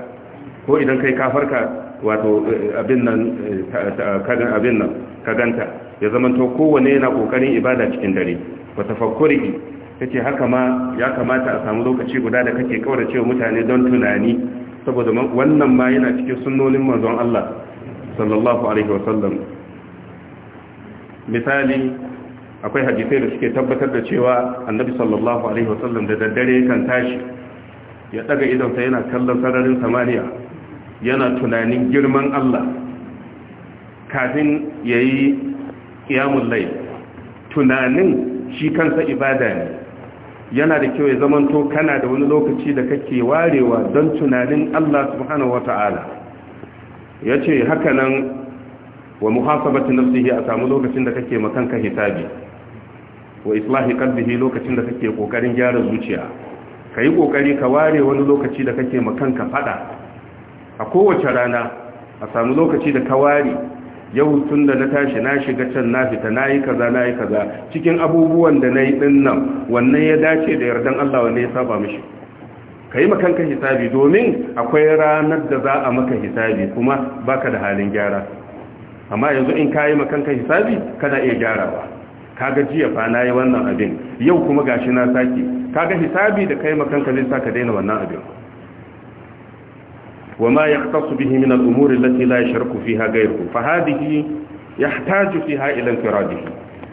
ko idan kai ka farka wato eh, eh, abin nan ka ganta ya zamanto to kowane yana kokarin ibada cikin dare wa tafakkuri kace haka ma ya kamata a samu lokaci guda da kake kaurace mutane don tunani saboda wannan ma yana cikin sunnonin manzon Allah sallallahu alaihi wasallam misali akwai hadisai da suke tabbatar da cewa annabi sallallahu alaihi wasallam da daddare kan tashi ya daga idonsa yana kallon sararin samaniya yana tunanin girman Allah kafin yayi qiyamul layl tunanin shi kansa ibada ne yana da kyau ya zamanto kana da wani lokaci da kake warewa don tunanin Allah subhanahu wata'ala yace haka nan wa muhasabati nafsihi a samu lokacin da kake makanka hisabi wa islahi qalbihi lokacin da kake kokarin gyara zuciya kai kokari ka ware wani lokaci da kake makanka fada a kowace rana a samu lokaci da ka ware yau tun da na tashi na shiga can na fita na yi kaza na yi kaza cikin abubuwan da na yi ɗin nan wannan ya dace da yardan Allah wanda ya saba mishi ka yi makanka hisabi domin akwai ranar da za a maka hisabi kuma baka da halin gyara amma yanzu in ka yi makanka hisabi kana iya gyarawa kaga jiya fa nayi wannan abin yau kuma gashi na saki kaga hisabi da kai makanka zai saka daina wannan abin وما يختص به من الأمور التي لا يشرك فيها غيره فهذه يحتاج فيها إلى انفراده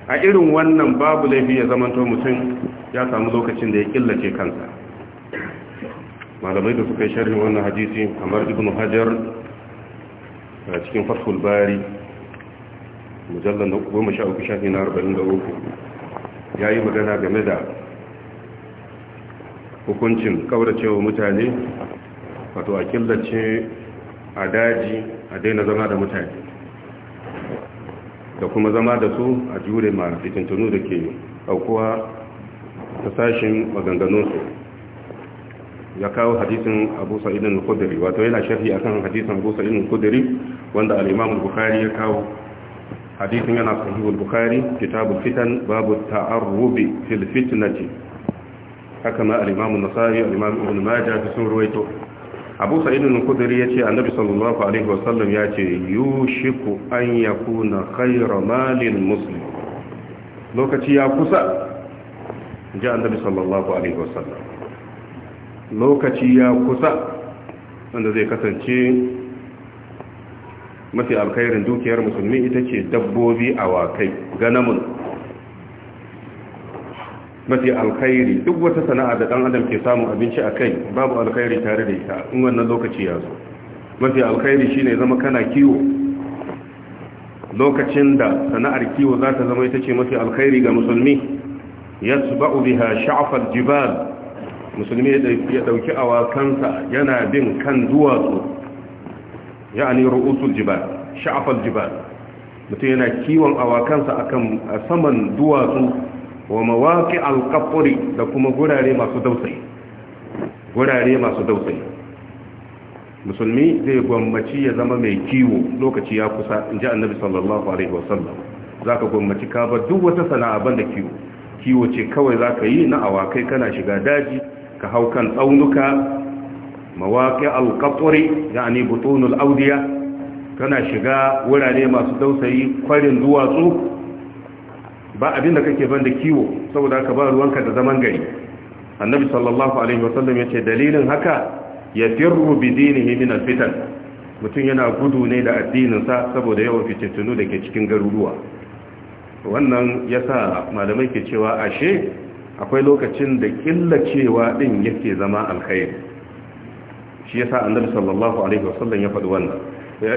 a irin wannan babu laifi ya to mutum ya samu lokacin da ya killace kansa malamai da suka yi sharhin wannan hadisi kamar ibnu hajar a cikin fathul bari mujallar na goma sha uku shafi na arba'in da uku ya yi magana game da hukuncin kauracewa mutane wato a killace a daji a daina zama da mutane da kuma zama da su a jure ma fitintunu da ke aukuwa ta sashin maganganunsu ya kawo hadisin abu sa'idun kudiri wato yana a akan hadisun abu sa'idun kudiri wanda al'imamun bukari ya kawo hadisin yana sahihul bukhari kitabul fitan babu ta'arrubi fil fitnati haka ma al-imam an-nasa'i al ibn majah fi sun ruwaito abu sa'id al-khudri yace annabi sallallahu alaihi wasallam yace yushiku an yakuna khayra malin muslim lokaci ya kusa ji annabi sallallahu alaihi wasallam lokaci ya kusa wanda zai kasance mafi alkhairin dukiyar musulmi ita ce dabbobi awakai ganamun mafi alkhairi duk wata sana'a da dan adam ke samun abinci a kai babu alkhairi tare da ita in wannan lokaci ya zo mafi alkhairi shine zama kana kiwo lokacin da sana'ar kiwo za ta zama ita ce mafi alkhairi ga musulmi yasba'u biha sha'fal jibal musulmi ya dauki awakansa yana bin kan duwatsu ya'ani ru'usul jibal sha'afal jibal mutum yana kiwon awakansa akan saman duwatsu wa mawaki alkafuri da kuma gurare masu dausayi gurare masu dausayi musulmi zai gwammaci ya zama mai kiwo lokaci ya kusa in ji annabi sallallahu alaihi wasallam za ka gwammaci ka bar duk wata sana'a banda kiwo kiwo ce kawai zaka yi na awakai kana shiga daji ka hau kan tsaunuka mawaƙi alƙaƙuri yani butunul audiya kana shiga wurare masu dausayi kwarin duwatsu ba abinda kake banda kiwo saboda ka ba ruwanka da zaman gari annabi sallallahu alaihi wasallam yace dalilin haka bi bidinihi min alfitan mutum yana gudu ne da addininsa saboda yawan fitintunu da ke cikin garuruwa wannan yasa malamai ke cewa ashe akwai lokacin da killacewa din yake zama alkhairi shi yasa annabi sallallahu alaihi wasallam ya faɗi wannan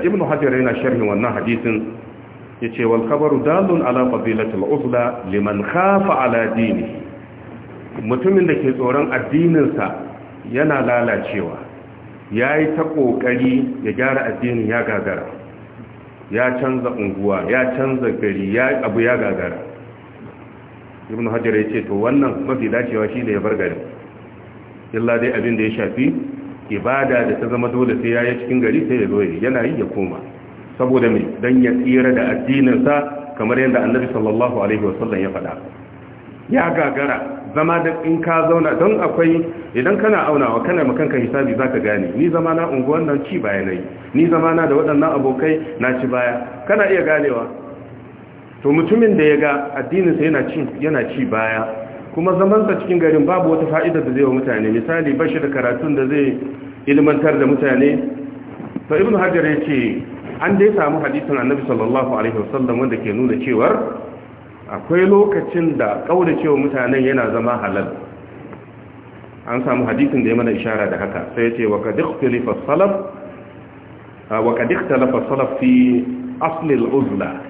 ibnu hajar yana sharhin wannan hadisin yace wal kabaru dalun ala fadilatil uzla liman khafa ala dini mutumin da ke tsoron addininsa yana lalacewa yayi ta kokari ya gyara addinin ya gagara ya canza unguwa ya canza gari ya abu ya gagara ibnu hajar yace to wannan mafi dacewa shine ya bar gari illa dai abin da ya shafi ibada da ta zama dole sai ya yi cikin gari sai ya zo ya yana yi ya koma saboda mai don ya tsira da addininsa kamar yadda annabi sallallahu alaihi wasallam ya faɗa ya gagara zama da in ka zauna don akwai idan kana aunawa kana makanka hisabi za ka gane ni zama na unguwan nan ci baya nayi ni zama na da waɗannan abokai na ci baya kana iya ganewa to mutumin da ya ga addininsa yana ci yana ci baya kuma zamansa cikin garin babu wata fa'idar da zai wa mutane misali bashi da karatun da zai ilmantar da mutane to ibn hajar ya ce an dai samu hadisin annabi sallallahu alaihi wasallam wanda ke nuna cewar akwai lokacin da cewa mutanen yana zama halal an samu hadisin da ya mana ishara da haka sai ya ce wa qad ikhtalafa salaf wa ikhtalafa salaf fi asl uzla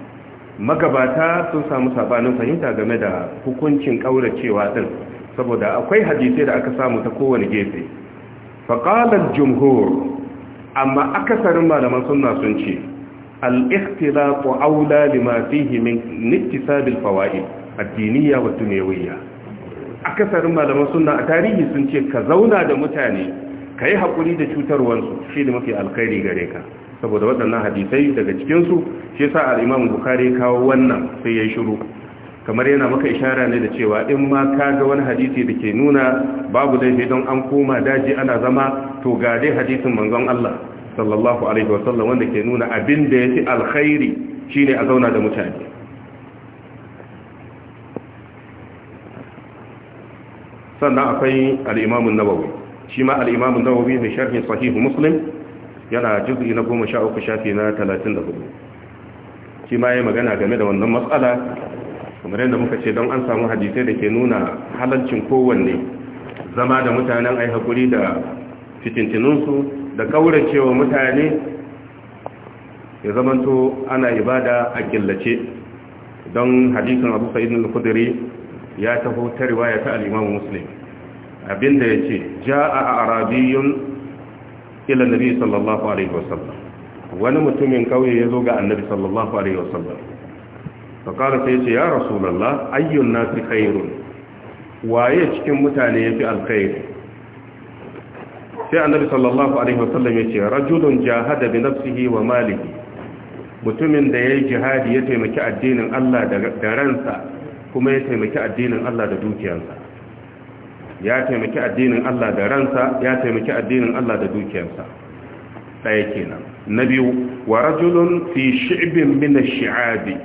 magabata sun samu sabanin fahimta game da hukuncin kauracewa din saboda akwai hadisai da aka samu ta kowane gefe faƙalar jumhur amma akasarin malaman sunna sun ce al-ikhtilatu aula lima fihi min nittisab al-fawaid ad-diniyya wa dunyawiyya akasarin malaman sunna a tarihi sun ce ka zauna da mutane kai haƙuri da cutarwansu shi ne mafi alkhairi gare ka saboda waɗannan hadisai daga cikinsu shi yasa al-imam bukhari kawo wannan sai ya shiru kamar yana maka ishara ne da cewa in ma ka ga wani hadisi da ke nuna babu laifi don an koma daji ana zama to ga dai hadisin manzon Allah sallallahu alaihi sallam wanda ke nuna abin da yafi alkhairi shine a zauna da mutane sannan akwai al-imam an-nawawi shi ma al-imam an-nawawi ne sharhin sahih muslim yana jubi na goma sha uku shafi na talatin da hudu shi ma ya magana game da wannan matsala kamar yadda muka ce don an samu hadisai da ke nuna halarcin kowanne zama da mutanen ai haƙuri da fitintinunsu da kauracewa mutane ya zamanto ana ibada a killace don hadisin abu sa'id al ya taho ta riwaya ta musulmi abinda ya ce ja a arabiyun. ila nabi sallallahu alaihi wasallam wani mutumin kauye ya zo ga annabi sallallahu alaihi wasallam fa qala sai ce ya rasulullah ayyun nasi khairun waye cikin mutane yafi alkhair sai annabi sallallahu alaihi wasallam ya ce rajulun jahada bi nafsihi wa malihi mutumin da yayi jihadi ya taimaki addinin Allah da ransa kuma ya taimaki addinin Allah da dukiyarsa ya taimaki addinin Allah da ransa ya taimaki addinin Allah da dukiyarsa ɗaya kenan na biyu wa rajulun fi shi'bin min ash-shi'abi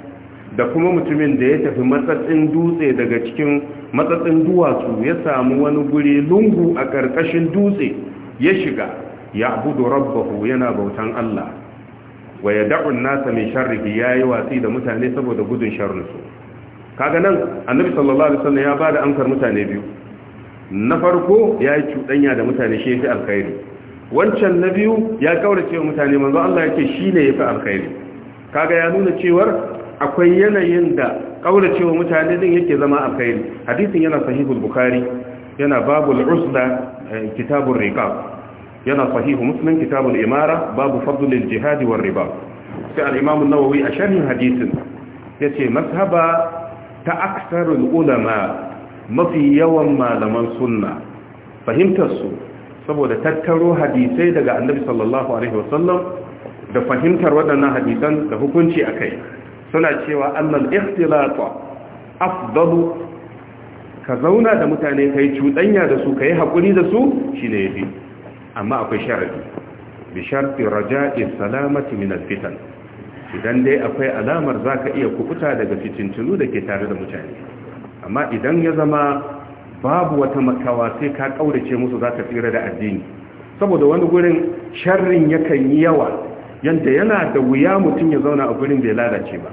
da kuma mutumin da ya tafi matsatsin dutse daga cikin matsatsin duwatsu ya samu wani guri lungu a ƙarƙashin dutse ya shiga ya abudu rabbahu yana bautan Allah wa yad'u an-nasa min sharrihi yayi watsi da mutane saboda gudun sharrinsu kaga nan annabi sallallahu alaihi wasallam ya bada amsar mutane biyu na farko ya yi cuɗanya da mutane shi fi alkhairi wancan na biyu ya kaurace wa mutane manzo Allah yake shi ne ya fi alkhairi kaga ya nuna cewar akwai yanayin da kaurace wa mutane din yake zama alkhairi hadisin yana sahihul bukhari yana babul usda eh, kitabur riqab yana sahih muslim kitabul imara babu fadlul jihad war riba sai al-imam an-nawawi a sharhin hadisin yace mazhaba ta aksarul ulama mafi yawan malaman sunna fahimtar su saboda tattaro hadisai daga annabi sallallahu alaihi wasallam da fahimtar waɗannan hadisan da hukunci a kai suna cewa annal ikhtilata afdalu ka zauna da mutane kai cuɗanya da su kai haƙuri da su shine yafi amma akwai sharadi bi sharti raja'i salamati min al-fitan idan dai akwai alamar zaka iya kukuta daga fitintunu da ke tare da mutane amma idan ya zama babu wata makawa sai ka kaurace musu za ka tsira da addini saboda wani gurin sharrin yakan yi yawa yadda yana da wuya mutum ya zauna a gurin da ya lalace ba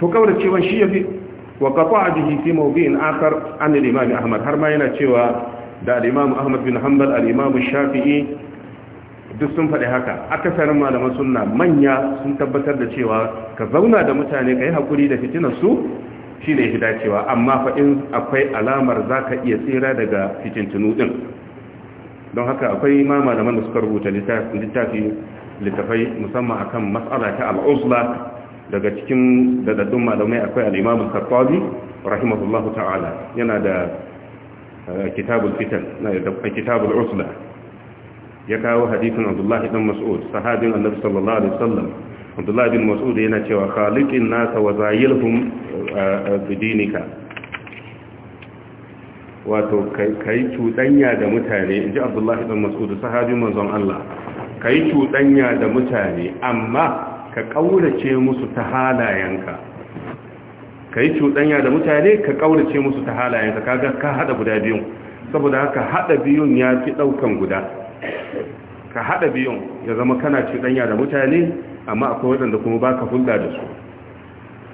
to kauracewan shi ya fi wa a jihi fi mawdi'in akar an al ahmad har ma yana cewa da limamu ahmad bin hanbal a limamu shafi'i duk sun faɗi haka akasarin malaman sunna manya sun tabbatar da cewa ka zauna da mutane ka yi haƙuri da fitinar su shi ne fi dacewa amma fa in akwai alamar za ka iya tsira daga fitintunu ɗin don haka akwai ma malaman da suka rubuta littafi littafai musamman akan matsala ta al'uzla daga cikin dadaddun malamai akwai al'imamun karfazi rahimahullahu ta'ala yana da eh, kitabul fitan da eh, kitabul usla ya kawo hadisin abdullahi dan mas'ud sahabin annabi sallallahu alaihi wasallam abdullahi bin mas'ud yana cewa khaliqin nasa wa zayilhum bidinika wato kai cuɗanya da mutane in ji abdullahi bin mas'ud sahabin manzon Allah kai cuɗanya da mutane amma ka ƙaurace musu ta halayenka kai cuɗanya da mutane ka ƙaurace musu ta halayenka kaga ka hada guda biyun saboda haka hada biyun ya fi ɗaukan guda ka hada biyun ya zama kana cuɗanya da mutane amma akwai waɗanda kuma ba ka hulɗa da su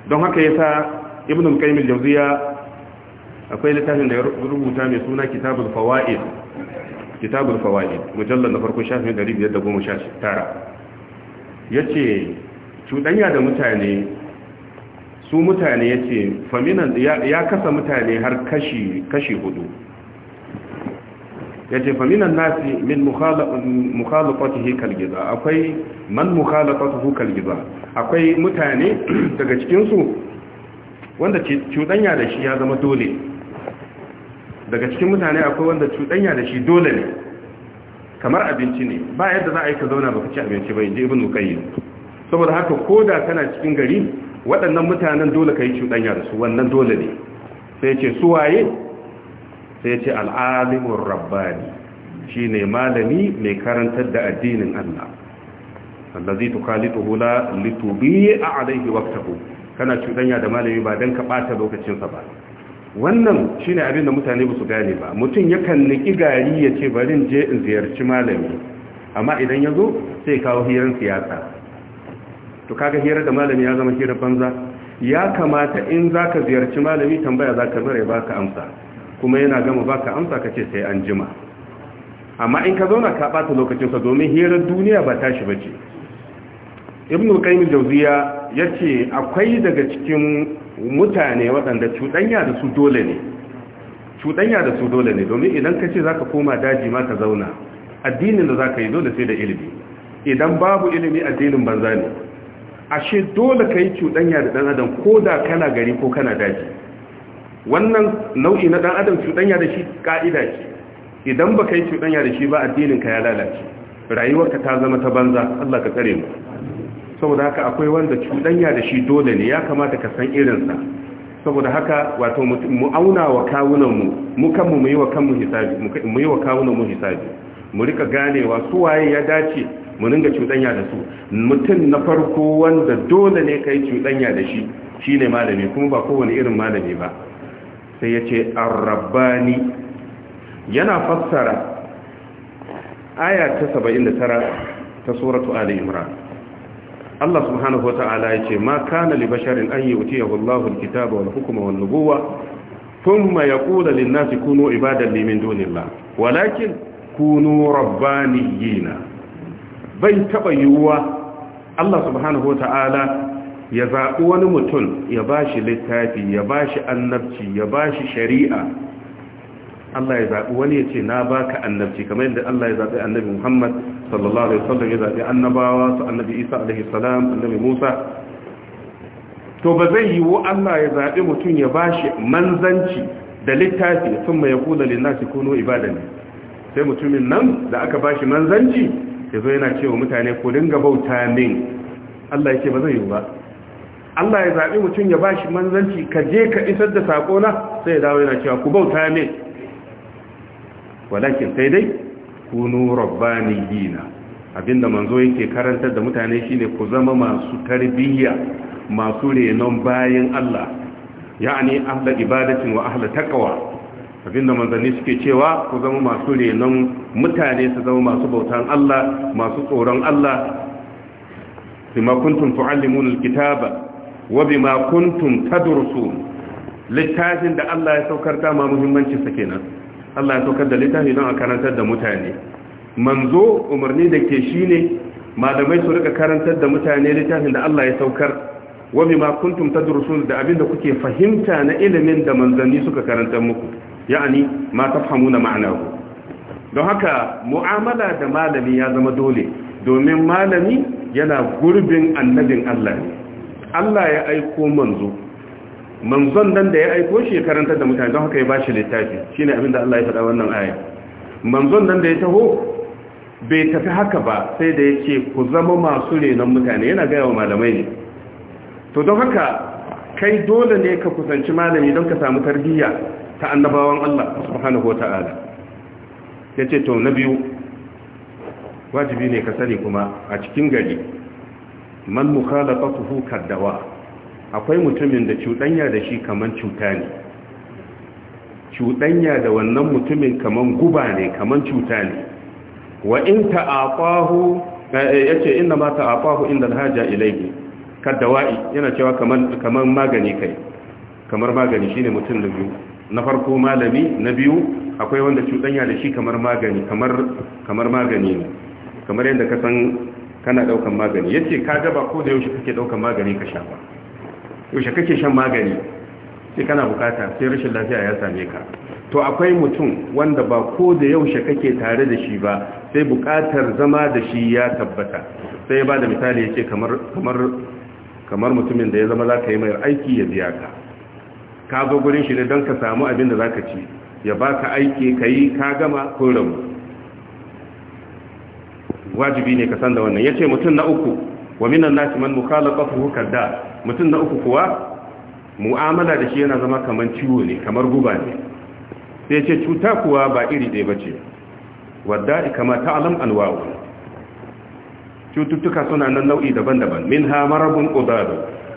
don haka ya sa ibn al-qayyim al-jawziya akwai littafin da rubuta mai suna kitabul fawaid kitabul fawaid mujallal na farko shafin 1519 yace cuɗanya da mutane su mutane yace faminan ya kasa mutane har kashi kashi hudu yace fa minan nasi min mukhalafatihi kal giza akwai man mukhalafatuhu kal giza akwai mutane daga cikin su wanda cuɗanya da shi ya zama dole daga cikin mutane akwai wanda cuɗanya da shi dole ne kamar abinci ne ba yadda za a yi ka zauna ba ka ci abinci ba inji ibn qayyim saboda haka koda kana cikin gari waɗannan mutanen dole ka yi cuɗanya da su wannan dole ne sai ce su waye sai ce al’alimun rabbani shi ne malami mai karantar da addinin Allah allazi tukalituhu la a alaihi waqtahu kana cudanya da malami ba dan ka bata lokacinsa ba wannan shine abin da mutane ba su gane ba mutum yakan niki gari ya ce barin je in ziyarci malami amma idan ya zo sai kawo hirar siyasa to kaga hirar da malami ya zama hirar banza ya kamata in zaka ziyarci malami tambaya zaka ba ka amsa kuma yana gama ba ka amsa kace sai an jima amma in ka zauna ka bata lokacin sa domin hirar duniya ba tashi bace ibn al-qayyim al-jawziya yace akwai daga cikin mutane waɗanda cuɗanya da su dole ne cuɗanya da su dole ne domin idan ka ce za ka koma daji ma ka zauna addinin da za ka yi dole sai da ilimi idan babu ilimi addinin banza ne ashe dole ka yi cuɗanya da ɗan adam ko da kana gari ko kana daji wannan nau'i na dan adam cuɗanya da shi ka'ida ce idan baka yi cuɗanya da shi ba addinin ka ya lalace rayuwarka ta zama ta banza Allah ka tsare mu saboda haka akwai wanda cuɗanya da shi dole ne ya kamata ka san irinsa saboda haka wato mu auna wa kawunan mu kanmu mu yi wa kanmu hisabi mu yi wa mu hisabi mu rika ganewa su waye ya dace mu ringa cuɗanya da su mutum na farko wanda dole ne kai cuɗanya da shi shine malami kuma ba kowane irin malami ba sai ya ce arrabbani yana fassara aya ta 79 ta suratu ali imran Allah subhanahu wata'ala ya ce ma kana li basharin an yutiyahu Allahu al-kitaba wal hukma wan nubuwa ya yaqulu lin-nasi kunu ibadan li min walakin kunu rabbaniyina bai taba yiwuwa Allah subhanahu wata'ala ya zaɓi wani mutum ya ba shi littafi ya ba shi annabci ya ba shi shari'a Allah ya zaɓi wani ya ce na ba ka annabci kamar yadda Allah ya zaɓi annabi Muhammad sallallahu Alaihi wasallam ya zaɓi annabawa su annabi Isa alaihi salam annabi Musa to ba zai yi wa Allah ya zaɓi mutum ya ba shi manzanci da littafi sun mai kula linnasi kuno ibadan sai mutumin nan da aka ba shi manzanci ya zo yana cewa mutane ku dinga bauta min Allah ya ce ba zai yi ba Allah ya zaɓi mutum ya ba shi manzanci ka je ka isar da sakona sai ya dawo yana cewa ku bauta ne walakin sai dai kunu gina. abinda manzo yake karantar da mutane shine ku zama masu tarbiyya masu renon bayan Allah ya'ani ahla ibadatin wa ahla taqwa abinda manzanni suke cewa ku zama masu renon mutane su zama masu bautan Allah masu tsoron Allah kuma kuntum tuallimuna alkitaba wa ma kuntum tadrusun littafin da Allah ya saukar da ma muhimmanci sa kenan Allah ya saukar da littafi don a karantar da mutane manzo umarni da ke shine malamai su rika karantar da mutane littafin da Allah ya saukar wa ma kuntum tadrusun da abin da kuke fahimta na ilimin da manzanni suka karantar muku ya'ani ma tafhamuna ma'anahu don haka mu'amala da malami ya zama dole domin malami yana gurbin annabin Allah ne Allah ya aiko manzo manzon dan da ya aiko shi karantar da mutane don haka ya bashi littafi shine abin da Allah ya faɗa wannan aya manzon dan da ya taho bai tafi haka ba sai da yake ku zama masu renon mutane yana gaya wa malamai ne to don haka kai dole ne ka kusanci malami don ka samu tarbiyya ta annabawan Allah subhanahu wataala yace to na biyu wajibi ne ka sani kuma a cikin gari man mukhalafatuhu kaddawa akwai mutumin da cuɗanya da shi kaman cuta ne cuɗanya da wannan mutumin kaman guba ne kaman cuta ne wa in ta'aqahu eh, eh, yace inna ma ta'aqahu inda alhaja ilayhi kaddawa'i yana cewa kaman kaman magani kai kamar magani shine mutum da biyu na farko malami na biyu akwai wanda cuɗanya da shi kamar magani kamar kamar magani ne kamar yadda ka san kana daukan magani yace ga ba ko da yaushe kake daukan magani ka sha ba yaushe kake shan magani sai kana bukata sai rashin lafiya ya same ka to akwai mutum wanda ba ko da yaushe kake tare da shi ba sai bukatar zama da shi ya tabbata sai ya bada misali yace kamar kamar kamar mutumin da ya zama zaka yi mai aiki ya biya ka ka zo gurin shi ne don ka samu abin da zaka ci ya baka aiki kai ka gama ko rabu wajibi ne ka san da wannan yace mutum na uku wa minan nasi man mukhalafatuhu kadda mutum na uku kuwa mu'amala da shi yana zama kaman ciwo ne kamar guba ne sai yace cuta kuwa ba iri ɗaya bace wadda kama ta'lam anwa'u cututtuka suna nan nau'i daban-daban minha marabun qudad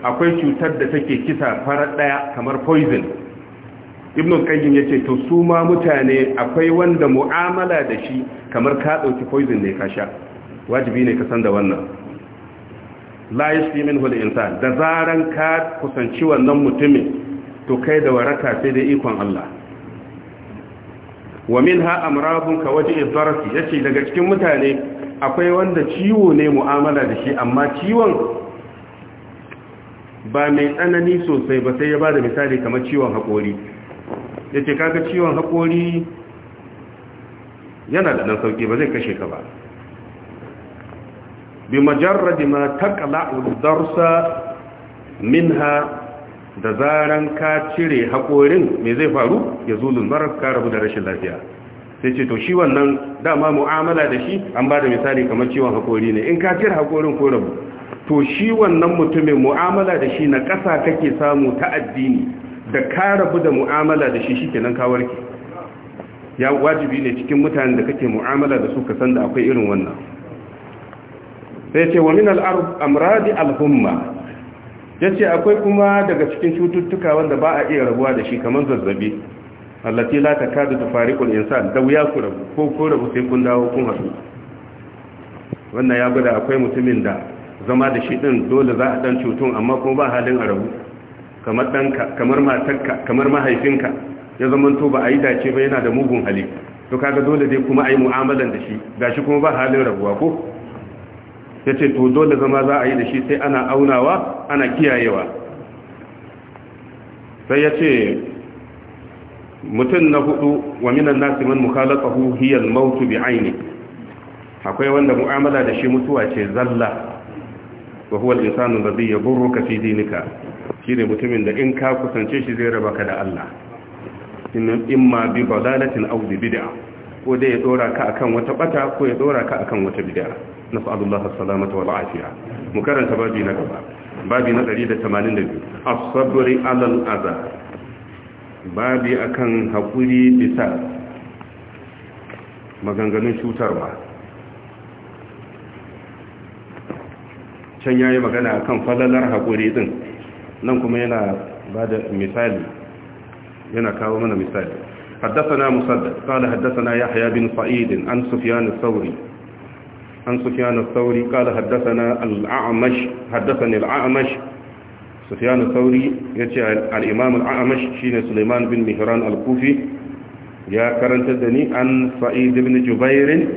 akwai cutar da take kisa farar daya kamar poison ibn qayyim yace to su ma mutane akwai wanda mu'amala da shi kamar ka dauki poison ne ka sha wajibi ne ka san da wannan la yashfi minhu al-insan da zaran ka kusanci wannan mutumin to kai da waraka sai da ikon Allah wa minha amradun ka waje idarati yace daga cikin mutane akwai wanda ciwo ne mu'amala da shi amma ciwon ba mai tsanani sosai ba sai ya bada misali kamar ciwon hakori yace kaga ciwon hakori yana da dan sauki ba zai kashe ka ba بمجرد ما تقلع الدرس منها minha da zaran ka cire hakorin me zai faru ya zulun barak ka rabu da rashin lafiya sai ce to shi wannan dama mu'amala da shi an ba misali kamar ciwon hakori ne in ka cire hakorin ko rabu to shi wannan mutumin mu'amala da shi na kasa kake samu ta addini da ka rabu da mu'amala da shi shi shikenan ka warke ya wajibi ne cikin mutanen da kake mu'amala da su ka san da akwai irin wannan sai ce wa minal al'amradi al'umma ya ce akwai kuma daga cikin cututtuka wanda ba a iya rabuwa da shi kamar zazzabi allati la takadu tufariqul insan da wuya ku rabu ko ko rabu sai kun dawo kun hasu wannan ya gwada akwai mutumin da zama da shi din dole za a dan cutun amma kuma ba halin a rabu kamar danka kamar matarka kamar mahaifinka ya zaman to ba a yi dace ba yana da mugun hali to kaga dole dai kuma a yi mu'amalan da shi gashi kuma ba halin rabuwa ko ya ce to dole zama za a yi da shi sai ana aunawa ana kiyayewa sai ya ce mutum na hudu wa minan nasi man mukhalaqahu hiya al mautu bi aini akwai wanda mu'amala da shi mutuwa ce zalla wa huwa al zai alladhi yadurruka fi dinika shine mutumin da in ka kusance shi zai raba ka da Allah imma bi dalalatin aw bi bid'a ko dai ya dora ka akan wata bata ko ya dora ka akan wata bid'a nas'alullah as-salamata wal afiya mu karanta babi na gaba babi na 182 as-sabri 'alal adha babi akan hakuri bisa maganganun can yayi magana akan falalar hakuri din nan kuma yana bada misali yana kawo mana misali حدثنا مسدد قال حدثنا يحيى بن سعيد عن سفيان الثوري عن سفيان الثوري قال حدثنا الأعمش حدثني الأعمش سفيان الثوري يتي الإمام الأعمش شين سليمان بن مهران الكوفي يا كرنت دني عن سعيد بن جبير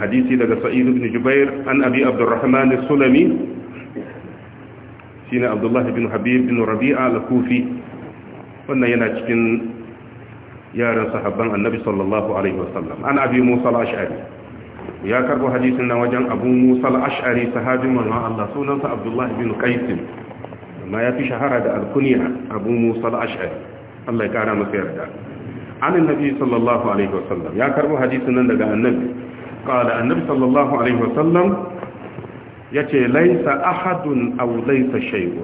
حديثي لدى سعيد بن جبير عن أبي عبد الرحمن السلمي شين عبد الله بن حبيب بن ربيع الكوفي wannan yana يا رسول sahabban annabi صلى الله عليه وسلم abi ابي موسى الاشعري ya karbo hadisin na wajen abu musa al'ashari sahabin manzon Allah sunansa abdullah bin qais amma ya fi shahara da alkuniya abu musa al'ashari Allah ya kara masu yarda عن النبي صلى الله عليه وسلم يا كربو حديثنا دغا النبي قال النبي صلى الله عليه ya ce laisa Ahadun او ليس شيء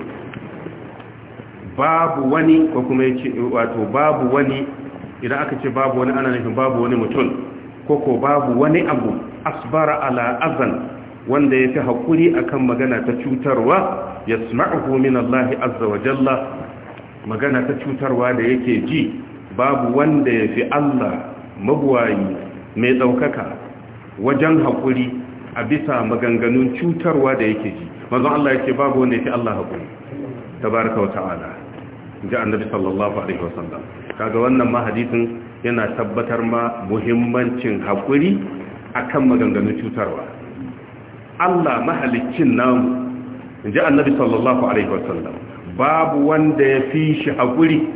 babu wani ko kuma yace wato babu wani idan aka ce babu wani ana nufin babu wani mutum ko ko babu wani abu asbara ala azan wanda ya fi haƙuri akan magana ta cutarwa ya sma'ahu min Allah azza wa jalla magana ta cutarwa da yake ji babu wanda ya fi Allah mabuwayi mai ɗaukaka wajen haƙuri a bisa maganganun cutarwa da yake ji mazan Allah yake babu wanda ya fi Allah haƙuri tabaraka wa ta'ala ji annabi sallallahu alaihi wasallam kaga wannan ma hadisin yana tabbatar ma muhimmancin haƙuri akan maganganun cutarwa Allah mahalicin namu in ji annabi sallallahu alaihi wasallam babu wanda ya fi shi haƙuri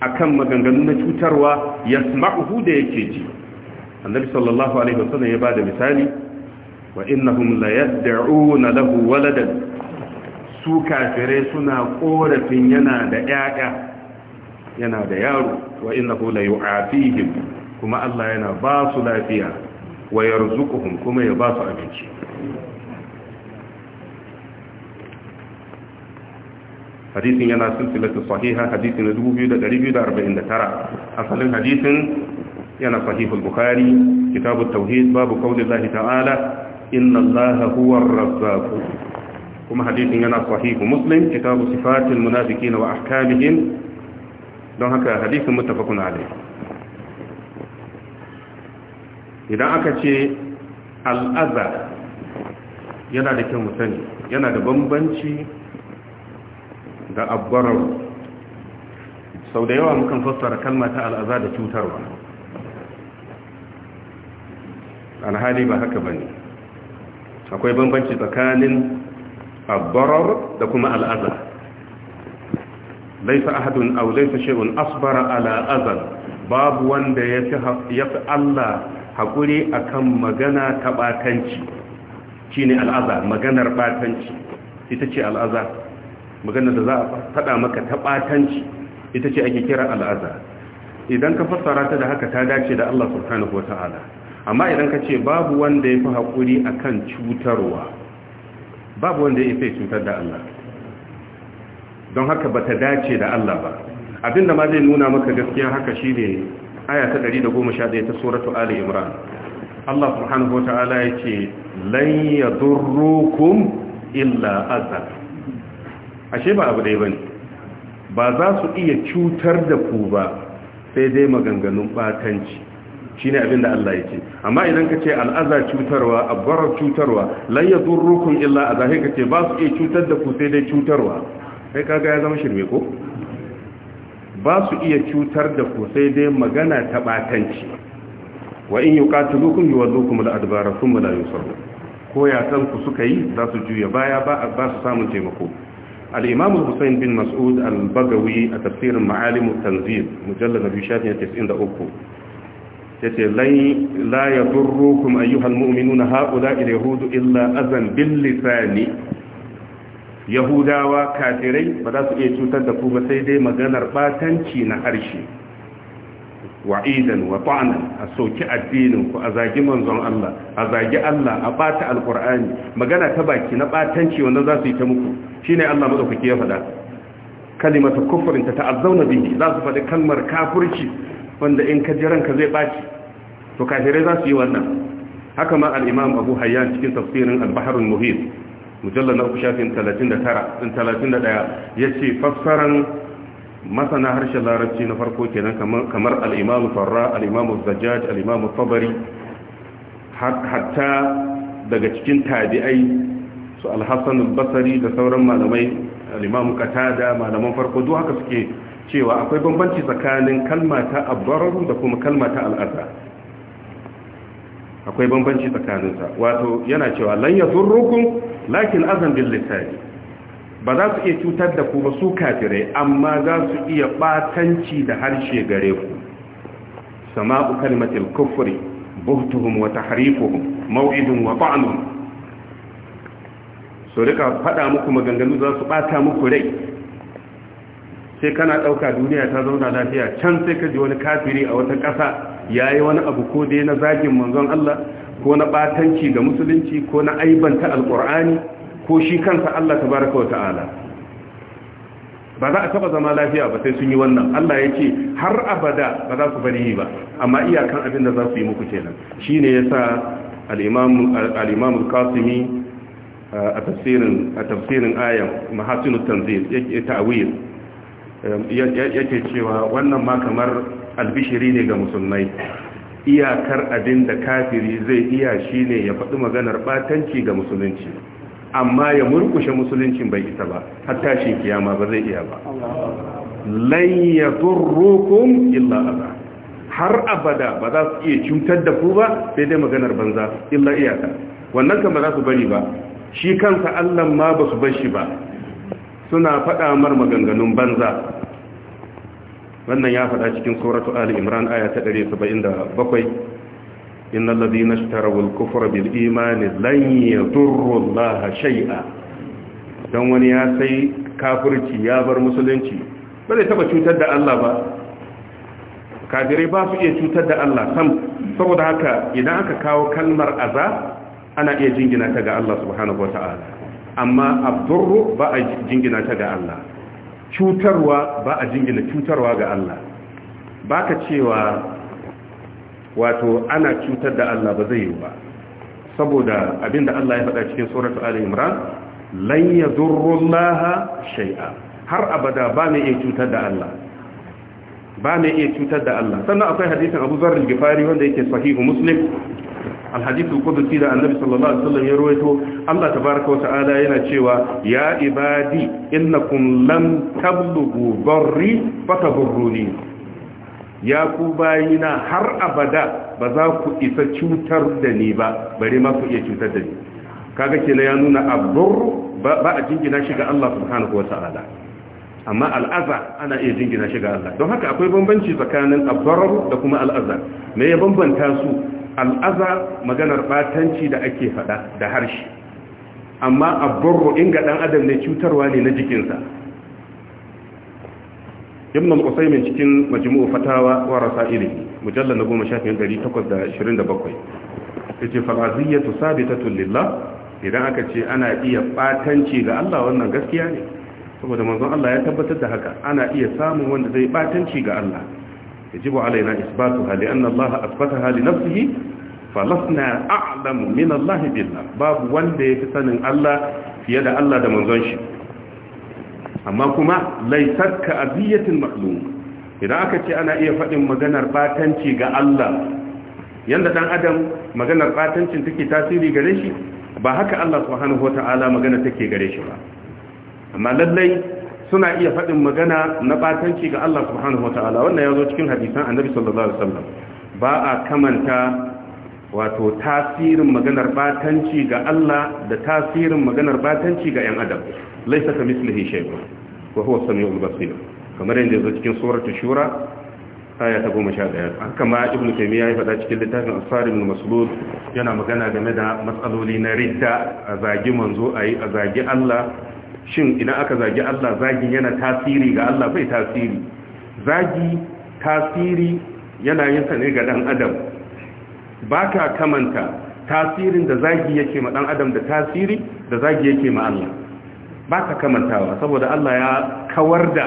akan maganganun na cutarwa ya sma'uhu da yake ji annabi sallallahu alaihi wasallam ya ba da misali wa innahum la yad'una lahu waladan su kafirai suna korafin yana da ƴaƴa yana da yaro wa innahu la yu'afihim kuma Allah yana ba su lafiya wa yarzuquhum kuma ya ba su abinci hadisin yana silsilatu sahiha hadisi na 2249 asalin hadisin yana sahihul bukhari kitabu tauhid babu qaulillahi ta'ala inna allaha huwar razzaq kuma hadisin yana sahihu muslim kitabu sifatil munafikina wa ahkamihim don haka hadisin muttafaqun alayh idan aka ce al'aza yana da kyau mutane, yana da bambanci da abbarar sau da yawa mukan fassara kalma ta al'aza da cutarwa alhali ba haka ba ne akwai bambanci tsakanin abbarar da kuma al'aza laisa ahadun au laisa shehun asbara ala azal babu wanda ya fi Allah hakuri akan magana ta batanci shine al'aza maganar batanci ita ce al'aza maganar da za a faɗa maka ta batanci ita ce ake kira al'aza idan ka fassara ta da haka ta dace da Allah subhanahu wata'ala amma idan ka ce babu wanda ya fi haƙuri akan cutarwa babu wanda ya fi cutar da Allah don haka ba ta dace da Allah ba abinda ma zai nuna maka gaskiya haka shine. aya ta goma sha 111 ta suratu ali imran Allah subhanahu wa ta'ala yace lan yadurrukum illa azab ashe ba abu dai bane ba za su iya cutar da ku ba sai dai maganganun batanci shine abin da Allah ce amma idan ka ce al'aza cutarwa abbar cutarwa lan yadurrukum illa azab ce ba su iya cutar da ku sai dai cutarwa kai kaga ya zama shirme ko ba su iya cutar da ku sai dai magana ta batanci wa in yuqatilukum yuwaddukum al-adbara thumma la yunsarun ko ya san ku suka yi za su juya baya ba ba su samu taimako al-imam bin Mas'ud al-Bagawi a tafsirin Ma'alim at-Tanzil mujallad 293 yace la yadurrukum ayyuhal mu'minuna ha'ula al-yahud illa azan bil lisani yahudawa kafirai ba za su iya cutar da ku ba sai dai maganar batanci na harshe wa'idan wa ta'anan a soki addinin ku a zagi manzon Allah a zagi Allah a bata alqur'ani magana ta baki na batanci wanda za su yi ta muku shine Allah madaukake ya faɗa kalimatu kufrin ta ta'azzauna bihi za su faɗi kalmar kafirci wanda in ka ji ranka zai baci to kafirai za su yi wannan haka ma al-imam Abu Hayyan cikin tafsirin al-Bahr muhit mujallar na uku 31 ya ce fassaran masana harshen larabci na farko kenan kamar al'imamu farra al'imamu zajaj al'imamu fabari hatta daga cikin tabi'ai su alhassan basari da sauran malamai al'imamu katada malaman farko duk haka suke cewa akwai bambanci tsakanin kalmata abdararu da kuma kalmata al'adar. akwai bambanci tsakanin tsakaninsa wato yana cewa lan yadurrukum lakin azan bil lisani ba za su iya cutar da ku ba su kafirai amma za su iya batanci da harshe gare ku sama'u kalmatil kufri buhtuhum wa tahrifuhum maw'idun wa ta'nun so rika fada muku maganganu za su bata muku rai sai kana ɗauka duniya ta zauna lafiya can sai ka ji wani kafiri a wata ƙasa ya yi wani abu ko dai na zagin manzon Allah ko na ɓatanci ga musulunci ko na aibanta alƙur'ani ko shi kansa Allah ta baraka wa ba za a taɓa zama lafiya ba sai sun yi wannan Allah ya ce har abada ba za su bari yi ba amma iyakan abin da za su yi muku kenan shine yasa ya sa al kasimi a tafsirin a tafsirin ayan mahasinut tanzil ta'wil yake cewa wannan ma kamar albishiri ne ga musulmai iyakar abin da kafiri zai iya shine ya faɗi maganar batanci ga musulunci amma ya murkushe musuluncin bai isa ba hatta shi kiyama ba zai iya ba ya yadurrukum illa adha har abada ba za su iya cutar da ku ba sai dai maganar banza illa iyaka wannan kan ba za su bari ba shi kansa allan ma ba su bashi ba suna faɗa mar maganganun banza wannan ya faɗa cikin suratu ali imran aya ta 177 innal ladhina ishtaraw al-kufra bil imani lan yadurru allaha shay'a dan wani ya sai kafirci ya bar musulunci ba zai taba cutar da Allah ba kafirai ba su iya cutar da Allah sam saboda haka idan aka kawo kalmar aza ana iya jingina ta ga Allah subhanahu wata'ala amma abdurru ba a jingina ta ga Allah cutarwa ba a jingina cutarwa ga Allah baka cewa wato ana cutar da Allah ba zai yi ba saboda abinda Allah ya faɗa cikin suratul ali imran lan yadurrullaha shay'a har abada ba mai iya cutar da Allah ba mai iya cutar da Allah sannan akwai hadisin Abu Zarr al wanda yake sahihu Muslim الحديث القدسي ده النبي صلى الله عليه وسلم yana cewa ya ibadi innakum lam tablughu barri fataburruni ya ku bayina har abada ba za ku isa cutar da ni ba bare ma ku iya cutar da ni kaga kenan ya nuna abdur ba a jingina shi ga Allah subhanahu amma al'aza ana iya jingina shi ga Allah don haka akwai bambanci tsakanin abdur da kuma al'aza me ya bambanta su al'aza maganar batanci da ake fada da harshe amma abburru inga ɗan adam ne cutarwa ne na jikinsa ibn al-usaymin cikin majmu'u fatawa wa rasaili mujallal na 10827 yace falaziyatu sabitatun lillah idan aka ce ana iya batanci ga Allah wannan gaskiya ne saboda manzon Allah ya tabbatar da haka ana iya samun wanda zai batanci ga Allah يجب علينا إثباتها لأن الله أثبتها لنفسه فلسنا أعلم من الله بالله باب وندي في سنن الله في يد الله دمان زنشي أما كما ليست كأذية المخلوق إذا أكت أنا إيه فإن مغنر باتنشي غا الله يند دان أدم مغنر باتنشي تكي تاثيري غريشي ba haka Allah subhanahu wa ta'ala magana take gare shi ba amma lallai suna iya faɗin magana na batanci ga Allah subhanahu wa ta'ala wannan ya zo cikin hadisan annabi sallallahu alaihi wasallam ba a kamanta wato tasirin maganar batanci ga Allah da tasirin maganar batanci ga 'yan adam laisa ka mislihi shay'a wa huwa samiul basir kamar yadda zo cikin suratul shura aya ta 11 haka ma ibnu taymiya ya faɗa cikin littafin asfar ibn maslul yana magana game da matsaloli na ridda a zagi manzo ayi a zagi Allah shin idan aka zagi Allah zagin yana tasiri ga Allah bai tasiri zagi tasiri yana yin sa ne ga dan adam baka kamanta tasirin da zagi yake ma dan adam da tasiri da zagi yake ma Allah baka kamantawa saboda Allah ya kawar da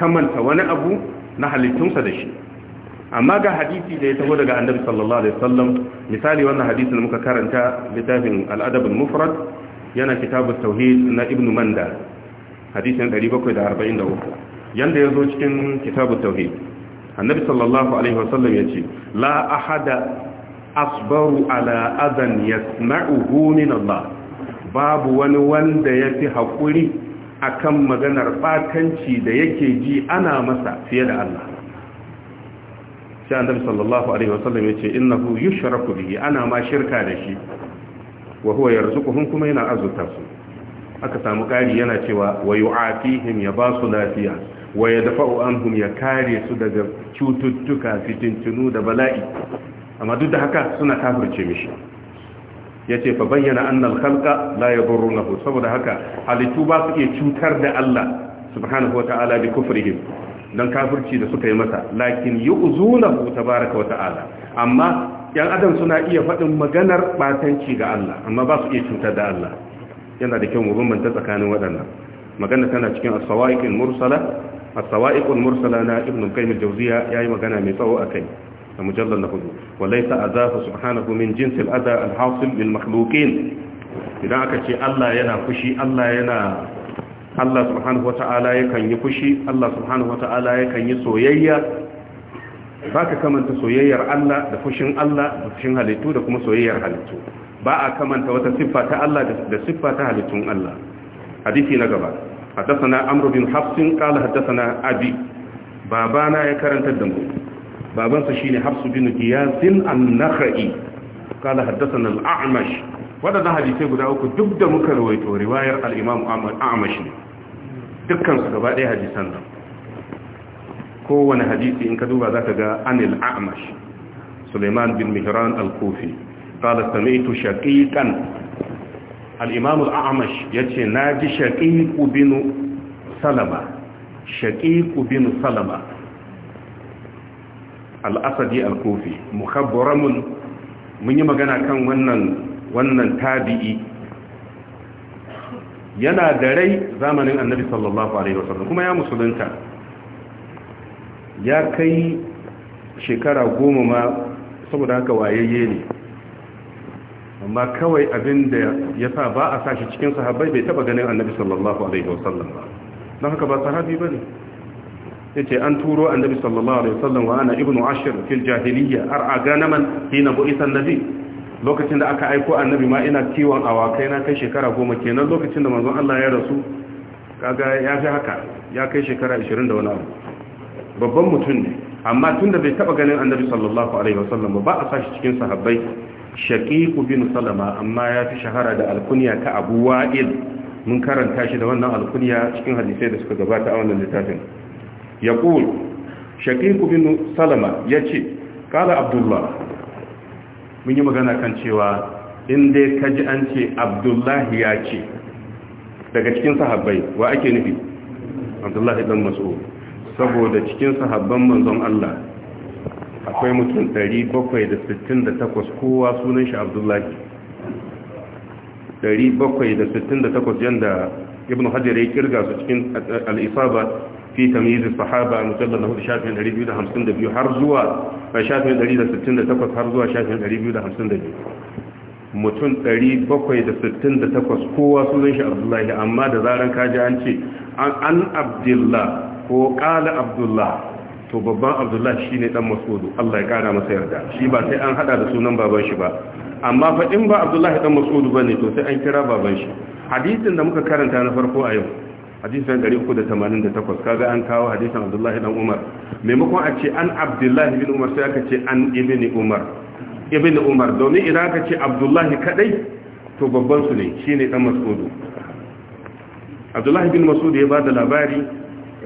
kamanta wani abu na halittunsa da shi amma ga hadisi da ya taho daga annabi sallallahu alaihi wasallam misali wannan hadisi da muka karanta littafin al-adab al-mufrad yana kitabu tauhid na ibn manda hadisin 743 yanda ya zo cikin kitabu tauhid annabi sallallahu alaihi wasallam ya ce la ahada asbaru ala adan yasma'uhu min Allah babu wani wanda ya fi haƙuri akan maganar batanci da yake ji ana masa fiye da Allah sai annabi sallallahu alaihi wasallam ya ce innahu yushraku bihi ana ma shirka da shi wa huwa yarzuquhum kuma yana azurta su aka samu kari yana cewa wa yu'afihim ya basu lafiya wa yadfa'u anhum ya kare su daga cututtuka fitintunu da bala'i amma duk da haka suna kafirce mishi yace fa bayyana anna al-khalqa la yadurruhu saboda haka halittu ba su iya cutar da Allah subhanahu wata'ala bi kufrihim dan kafirci da suka yi masa lakin yu'zunahu tabaaraka wata'ala amma yan adam suna iya faɗin maganar batanci ga Allah amma ba su iya cutar da Allah yana da kyau mu bambanta tsakanin waɗannan magana tana cikin as mursala as mursala na ibn qayyim al-jawziya yayi magana mai tsawo a kai, a mujallar na hudu wallai ta subhanahu min jins al-adha al-hasil lil makhluqin idan aka ce Allah yana fushi Allah yana Allah subhanahu wata'ala kan yi fushi Allah subhanahu wata'ala yakan yi soyayya ba ka kamanta soyayyar Allah da fushin Allah da fushin halittu da kuma soyayyar halittu ba a kamanta wata siffa ta Allah da siffa ta halittun Allah hadisi na gaba haddathana amr bin hafs qala haddathana abi babana ya karanta da mu baban sa shine hafs bin qiyas an-nakhai qala haddathana al-a'mash wadannan hadisi guda uku duk da muka rawaito riwayar al-imam Ahmad A'mash ne dukkan su gaba ɗaya hadisan nan kowane hadisi in ka duba za ka ga anil a'mash suleiman bin mihran al-kufi qala sami'tu shaqiqan al-imam al-a'mash yace ji shaqiq bin salama shaqiq bin salama al-asadi al-kufi mukhabbaramun mun yi magana kan wannan wannan tabi'i yana da rai zamanin annabi sallallahu alaihi wasallam kuma ya musulunta ya kai shekara goma ma saboda haka wayayye ne amma kawai abin da ya sa ba a sashi cikin sahabbai bai taba ganin annabi sallallahu alaihi wasallam ba don haka ba sahabi ba ne ya ce an turo annabi sallallahu alaihi wasallam wa ana ibn ashir fil jahiliya a ganaman hina bu'isa annabi lokacin da aka aiko annabi ma ina kiwon awakai na kai shekara goma kenan lokacin da manzon Allah ya rasu kaga ya fi haka ya kai shekara 20 da wani abu babban mutum ne amma tunda bai taba ganin annabi sallallahu alaihi wasallam ba a sashi cikin sahabbai shaqiqu bin salama amma ya fi shahara da alkunya ta abu wa'il mun karanta shi da wannan alkunya cikin hadisai da suka gabata a wannan littafin yaqul shaqiqu bin salama yace kala abdullah mun yi magana kan cewa in dai kaji an ce abdullahi ya ce daga cikin sahabbai wa ake nufi abdullahi dan mas'ud saboda cikin sahabban manzon Allah akwai mutum 768 kowa sunan shi abdullahi 768 yadda ibn hajjar ya kirga su cikin al'isaba fi tamizin sahaba a mujallar na hudu shafin 252 har zuwa a shafin 168 har zuwa shafin 252 mutum 768 kowa sunan shi abdullahi amma da zaren kaji an ce an abdullahi ko ƙala abdullah to babban abdullah shi ne ɗan masudu allah ya ƙara masa yarda shi ba sai an haɗa da sunan baban shi ba amma fa in ba abdullah ɗan masudu ba ne to sai an kira baban shi hadisin da muka karanta na farko a yau hadisin 388 kaga an kawo hadisin abdullah ɗan umar maimakon a ce an abdullah bin umar sai aka ce an Ibn umar Ibn umar domin idan aka ce abdullah kadai to babban su ne shine ɗan masudu abdullah bin masud ya ba da labari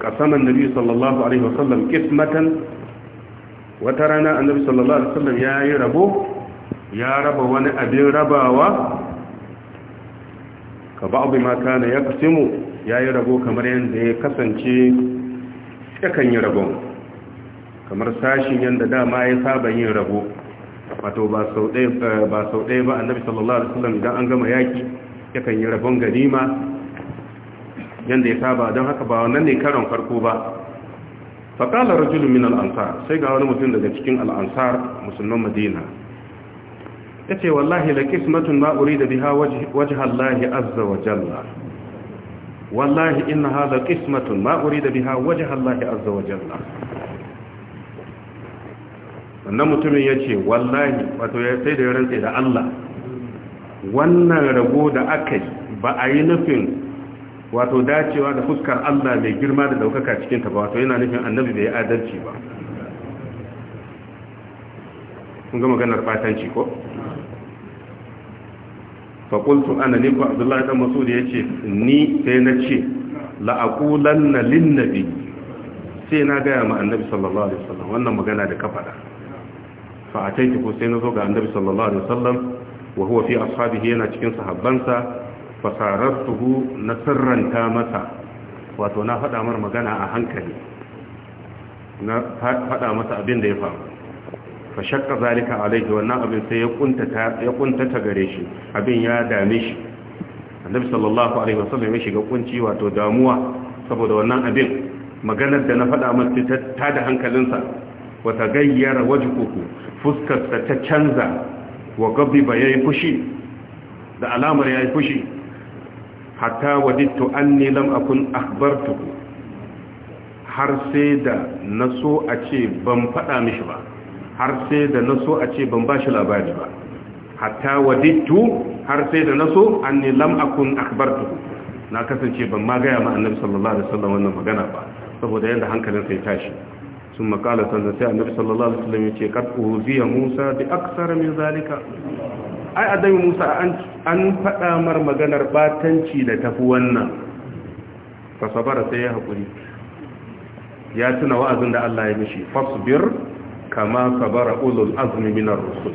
kasaman nabi sallallahu alaihi wasallam kismatan wata rana annabi sallallahu alaihi wasallam ya yi rabo ya raba wani abin rabawa ka ba'u ma kana ya kasimu ya yi rabo kamar yadda ya kasance yakan yi rabon kamar sashin yadda dama ya saba yin rabo wato ba sau ɗaya ba annabi sallallahu alaihi wasallam idan an gama yaki yakan yi rabon ganima yanda ya saba don haka ba wannan ne karon farko ba faƙalar rajulun min al'ansar sai ga wani mutum daga cikin al'ansar musulman madina ya ce wallahi la kismatun ma'uri da biha waje Allahi azza wa jalla wallahi ina ha la kismatun ma'uri da biha waje Allahi azza wa jalla wannan mutumin ya ce wallahi wato ya sai da ya rantse da Allah wannan rago da aka yi ba a yi nufin wato dacewa da fuskar Allah mai girma da daukaka cikin ta wato yana nufin annabi bai adalci ba kun ga maganar fatanci ko fa qultu ana ni ko Abdullahi dan Mas'ud yace ni sai na ce la aqulanna lin nabi sai na ga ma annabi sallallahu alaihi wasallam wannan magana da ka faɗa fa ataitu ko sai na zo ga annabi sallallahu alaihi wasallam wa huwa fi ashabihi yana cikin sahabbansa fasararsuhu na sirranta masa wato na faɗa mar magana a hankali na faɗa masa abin da ya faru fa shakka zalika alaihi wannan abin sai ya kuntata gare shi abin ya dame shi annabi sallallahu alaihi wasallam ya shiga kunci wato damuwa saboda wannan abin maganar da na faɗa masa ta da hankalinsa wa tagayyara wajhuhu fuskarsa ta canza wa gabiba yi fushi da alamar ya yi fushi hatta wadittu anni lam akun akhbartuhu har sai da naso a ce ban faɗa mishi ba har sai da naso a ce ban bashi labari ba hatta wadittu har sai da naso anni lam akun akhbartuhu na kasance ban ma gaya ma annabi sallallahu alaihi wasallam wannan magana ba saboda yanda hankalinsa ya tashi sun makala sannan sai annabi sallallahu alaihi wasallam ya ce kad uziya musa bi aksara min zalika ai annabi Musa an faɗa mar maganar batanci da tafi wannan fa sabara sai ya hakuri ya tuna wa'azin da Allah ya mishi fasbir kama sabara ulul azmi minar rusul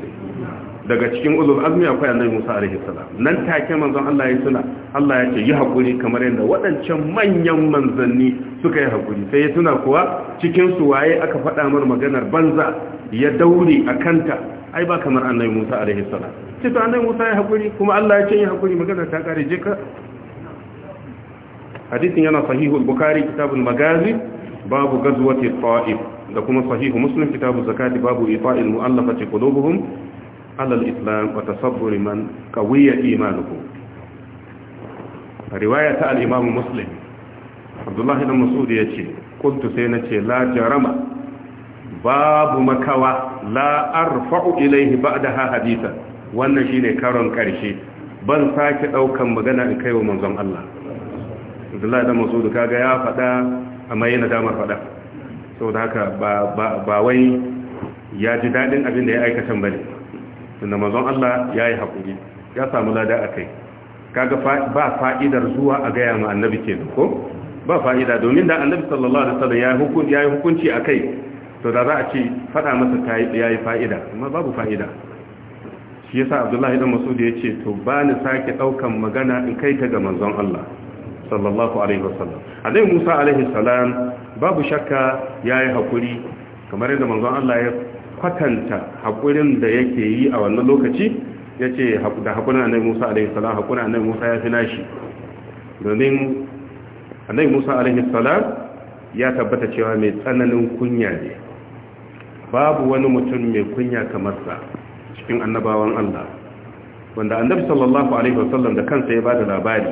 daga cikin ulul azmi akwai annabi Musa alaihi salam nan take manzon Allah ya tuna Allah ya ce yi hakuri kamar yadda waɗancan manyan manzanni suka yi hakuri sai ya tuna kuwa cikin su waye aka faɗa mar maganar banza ya daure akanta ai ba kamar annabi Musa alaihi salam ce to annabi Musa ya hakuri kuma Allah ya ce ya hakuri magana ta kare je ka hadisin yana sahihul bukhari kitabul magazi babu gazwati ta'if da kuma sahihu muslim kitabu zakati babu ita'il mu'allafati qulubuhum ala al-islam wa tasabbur man qawiya imanuhu riwaya ta al-imam muslim abdullah ibn mas'ud yace kuntu sai nace la jarama babu makawa la arfa'u ilayhi ba'daha hadithan wannan shi ne karon ƙarshe ban sake ɗaukan magana in kai wa manzon Allah Abdullahi da duka kaga ya faɗa amma yana damar faɗa Sau da haka ba wai ya ji daɗin abin da ya aikatan bane tunda manzon Allah ya yi haƙuri ya samu lada a kai kaga ba fa'idar zuwa a gaya ma annabi ke ko ba fa'ida domin da annabi sallallahu alaihi wasallam ya yi hukunci a kai to da za a ce faɗa masa ya yi fa'ida amma babu fa'ida shi yasa abdullahi dan masudi ya ce to ba ni sake daukan magana in kai ta ga manzon Allah sallallahu alaihi wasallam adai Musa alaihi salam babu shakka yayi hakuri kamar yadda manzon Allah ya kwatanta hakurin da yake yi a wannan lokaci yace da hakuna annabi Musa alaihi salam hakuna annabi Musa ya fi nashi domin annabi Musa alaihi salam ya tabbata cewa mai tsananin kunya ne babu wani mutum mai kunya kamar sa cikin annabawan Allah wanda annabi sallallahu alaihi wasallam da kansa ya bada labari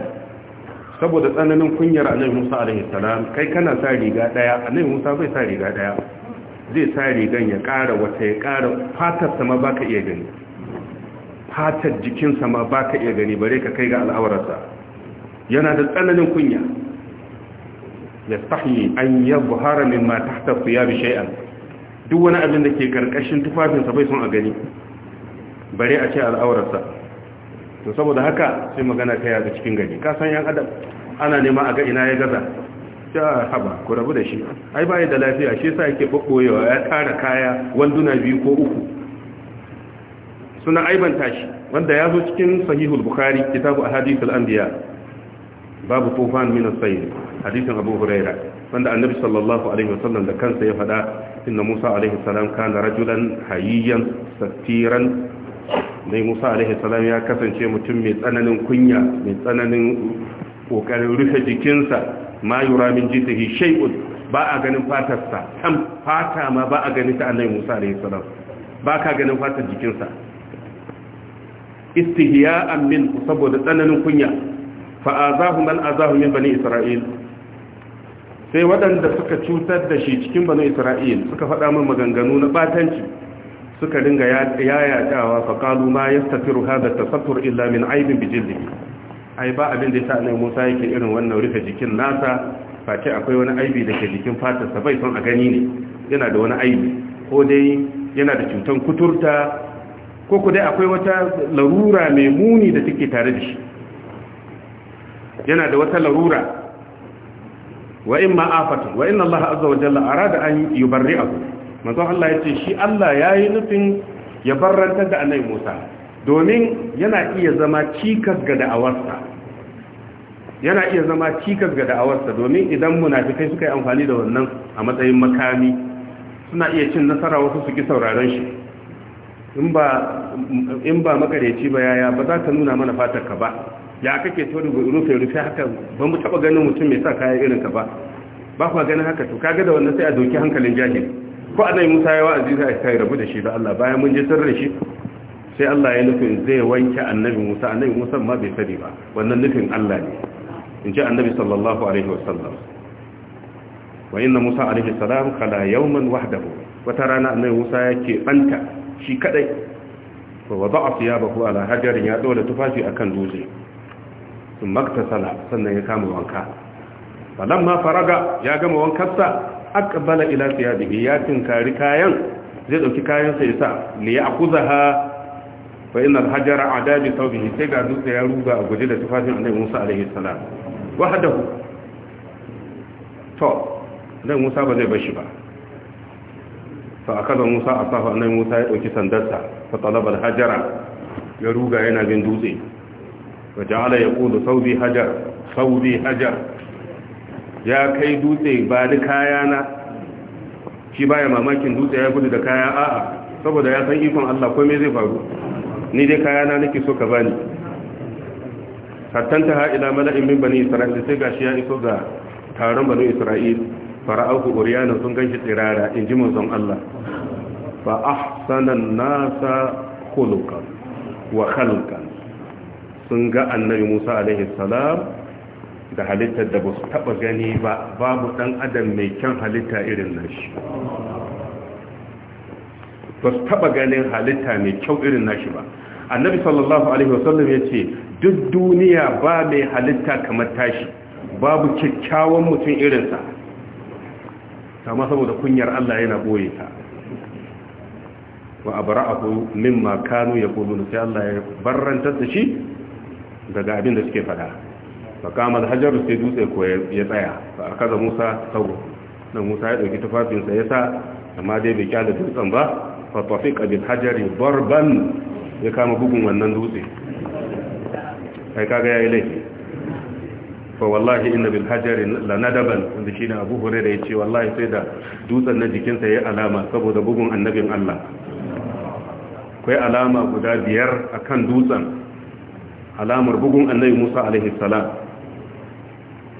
saboda tsananin kunyar annabi Musa alaihi salam kai kana sa riga daya annabi Musa bai sa riga daya zai sa rigan ya ƙara wata ya ƙara fatar sama baka iya gani fatar jikin sama baka iya gani bare ka kai ga al'awarsa yana da tsananin kunya yastahi an yabhara mimma tahta thiyab shay'an duk wani abin da ke karkashin tufafinsa bai son a gani bare a ce al'aurarsa to saboda haka sai magana ta yaɗa cikin gari ka san yan adam ana nema a ga ina ya gaza ta haba ku rabu da shi ai bai da lafiya shi yasa yake bobboyewa ya tara kaya wanduna biyu ko uku suna aibanta shi wanda ya zo cikin sahihul bukhari kitabu ahadithul anbiya babu tufan min as sayyid hadithin abu huraira wanda annabi sallallahu alaihi wasallam da kansa ya faɗa inna musa alaihi salam kana rajulan hayyan satiran dai musa alaihi salam ya kasance mutum mai tsananin kunya mai tsananin kokarin rufe jikinsa ma yura min jisihi shay'un ba a ganin fatarsa tam fata ma ba a ganin ta annabi musa alaihi salam ba ka ganin fatar jikinsa istihya'an min saboda tsananin kunya fa azahu man azahu min bani isra'il sai waɗanda suka cutar da shi cikin bani isra'il suka faɗa min maganganu na batanci suka ya yayatawa fa qalu ma yastatiru hadha tafattur illa min aibin bi jildihi ai ba abin da yasa annabi Musa yake irin wannan rufe jikin nasa face akwai wani aibi da ke jikin sa bai son a gani ne yana da wani aibi ko dai yana da cutan kuturta ko ku dai akwai wata larura mai muni da take tare da shi yana da wata larura wa ma afatu wa inna Allah azza wa jalla arada an yubarri'ahu manzon Allah ya ce shi Allah ya yi nufin ya barrantar da annabi Musa domin yana iya zama cikas ga da'awarsa yana iya zama cikas ga da'awarsa domin idan munafikai suka yi amfani da wannan a matsayin makami suna iya cin nasara wasu su ki sauraron shi in ba in ba makareci ba yaya ba za ka nuna mana fatar ka ba ya kake to da rufe rufe haka ba mu taba ganin mutum mai sa kaya irin ka ba ba ku ganin haka to kaga da wannan sai a doki hankalin jahili ko annabi Musa ya wa'azi sai kai rabu da shi da Allah bayan mun ji sirrin shi sai Allah ya nufin zai wanke annabi Musa annabi Musa ma bai sani ba wannan nufin Allah ne in ji annabi sallallahu alaihi wasallam wa inna Musa alaihi salam kala yawman wahdahu wata rana annabi Musa ya ke banta shi kadai wa wada'a ko ala hajarin ya dole tufafi akan dutse sun maktasala sannan ya kama wanka ma faraga ya gama wankarsa aqbala ila siya thiyabihi ya tinkari kayan zai dauki kayan sa yasa li ya'khudha fa inna al-hajara adabi thawbihi sai ga dutse ya ruga a guje da tufafin annabi Musa alaihi salam wahdahu to dan Musa ba zai bashi ba fa akada Musa asafa annabi Musa ya dauki sandarsa fa talaba hajara ya ruga yana bin dutse wa ja'ala yaqulu thawbi hajar thawbi hajar ya kai dutse ba ni kayana shi ba ya mamakin dutse ya gudu da kaya a'a saboda ya san ikon Allah ko me zai faru ni dai kayana nake so ka bani hattanta ha ila mala'in min bani isra'il sai gashi ya iso ga taron bani isra'il fara'auku uriyana sun ganshi tsirara in ji manzon Allah fa ahsana nasa khuluqan wa khalqan sun ga annabi Musa alaihi salam da halittar da ba su taba gani ba babu dan adam mai kyan halitta irin nashi ba su taba ganin halitta mai kyau irin nashi ba annabi sallallahu alaihi wasallam ya ce duk duniya ba mai halitta kamar tashi babu kyakkyawan mutum irinsa Sama saboda kunyar Allah yana boye ta wa abra'ahu mimma kanu yaqulun sai Allah ya barrantar da shi daga abin da suke fada faƙamar hajjaru sai dutse ko ya tsaya ba a kaza musa tsawo na musa ya ɗauki tufafinsa ya sa amma dai bai kyala dutsen ba fafafi ƙabin hajjari barban ya kama bugun wannan dutse kai kaga ya yi laifi fa wallahi inna bil hajari la nadaban shi shine Abu da ya ce wallahi sai da dutsen na jikinsa yayi alama saboda bugun annabin Allah akwai alama guda biyar akan dutsen alamar bugun annabi Musa alaihi salam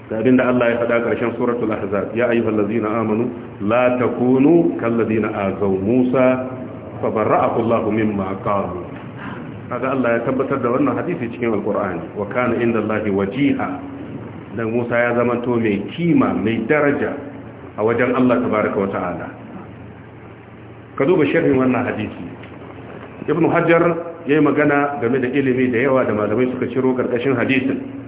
da abinda Allah ya faɗa ƙarshen suratul ahzab ya ayyuhal ladzina amanu la takunu kal ladzina azaw Musa fa barra'ahu Allah mimma qalu kaga Allah ya tabbatar da wannan hadisi cikin alqur'ani wa kana inda Allah wajiha dan Musa ya zamanto mai kima mai daraja a wajen Allah tabaaraka wa ta'ala ka duba sharhin wannan hadisi ibnu hajar yayi magana game da ilimi da yawa da malamai suka ciro karkashin hadisin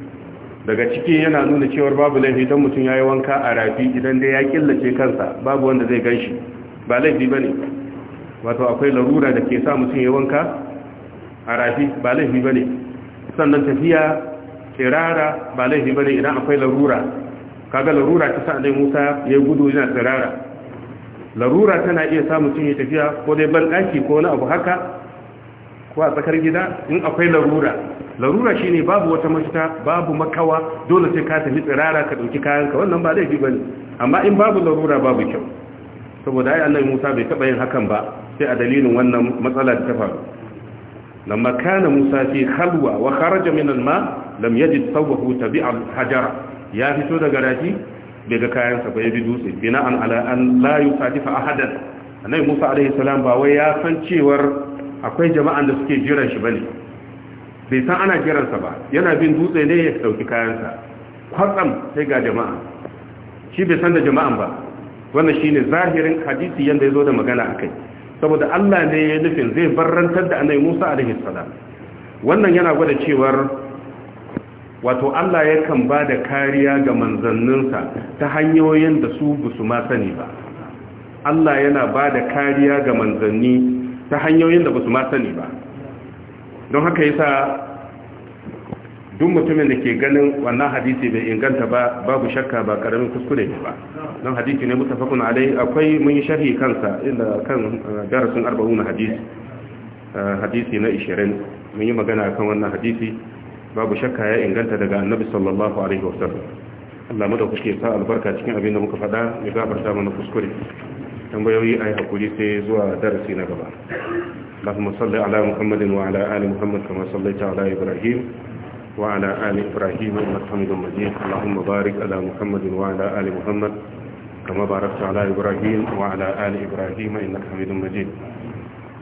daga ciki yana nuna cewar babu laifi don mutum ya yi wanka a rafi idan dai ya killace kansa babu wanda zai gan shi ba laifi ba ne wato akwai larura da ke sa mutum ya wanka a rafi ba laifi ba ne sannan tafiya tirara ba laifi ba ne idan akwai larura kaga larura ta sa dai musa ya gudu yana tirara larura tana iya sa mutum ya tafiya ko dai ban ɗaki ko wani abu haka ko a tsakar gida in akwai larura larura shine babu wata mafita babu makawa dole sai ka tafi tsirara ka dauki kayanka wannan ba laifi bane amma in babu larura babu kyau saboda ai annabi Musa bai taba yin hakan ba sai a dalilin wannan matsala da ta faru lamma kana Musa fi khalwa wa kharaja min al-ma lam yajid thawbahu tabi'a al-hajar ya fito daga rafi daga kayansa ya bi dutse an ala an la yusadifa ahadan annabi Musa alaihi salam ba wai ya san cewar akwai jama'an da suke jiran shi bane bai san ana sa ba yana bin dutse ne ya dauki kayansa kwatsam sai ga jama'a shi bai san da jama'an ba wannan shine zahirin hadisi yanda yazo da magana akai saboda Allah ne ya nufin zai barrantar da annabi Musa alaihi salam wannan yana gwada cewar wato Allah yakan ba da kariya ga manzanninsa ta hanyoyin da su busu ma sani ba Allah yana ba da kariya ga manzanni ta hanyoyin da ba su ma sani ba don haka yasa duk mutumin da ke ganin wannan hadisi bai inganta ba babu shakka ba karamin kuskure ne ba don hadisi ne mutafakun alai akwai mun yi sharhi kansa inda kan eh, darasin arba'un hadisi eh, hadisi na 20 mun yi magana kan wannan hadisi babu shakka ya inganta daga annabi sallallahu alaihi wasallam Allah mu da kuke sa albarka cikin abin da muka faɗa ya gafarta mana kuskure tambayoyi a yi haƙuri sai zuwa darasi na gaba lafi salli ala muhammadin wa ali muhammad kamar sallaita ala ibrahim wa ali ibrahim wa alhamdun majiyar allahun mabarik ala muhammadin wa ali muhammad kamar barasta ala ibrahim wa ali ibrahim wa alhamdun majiyar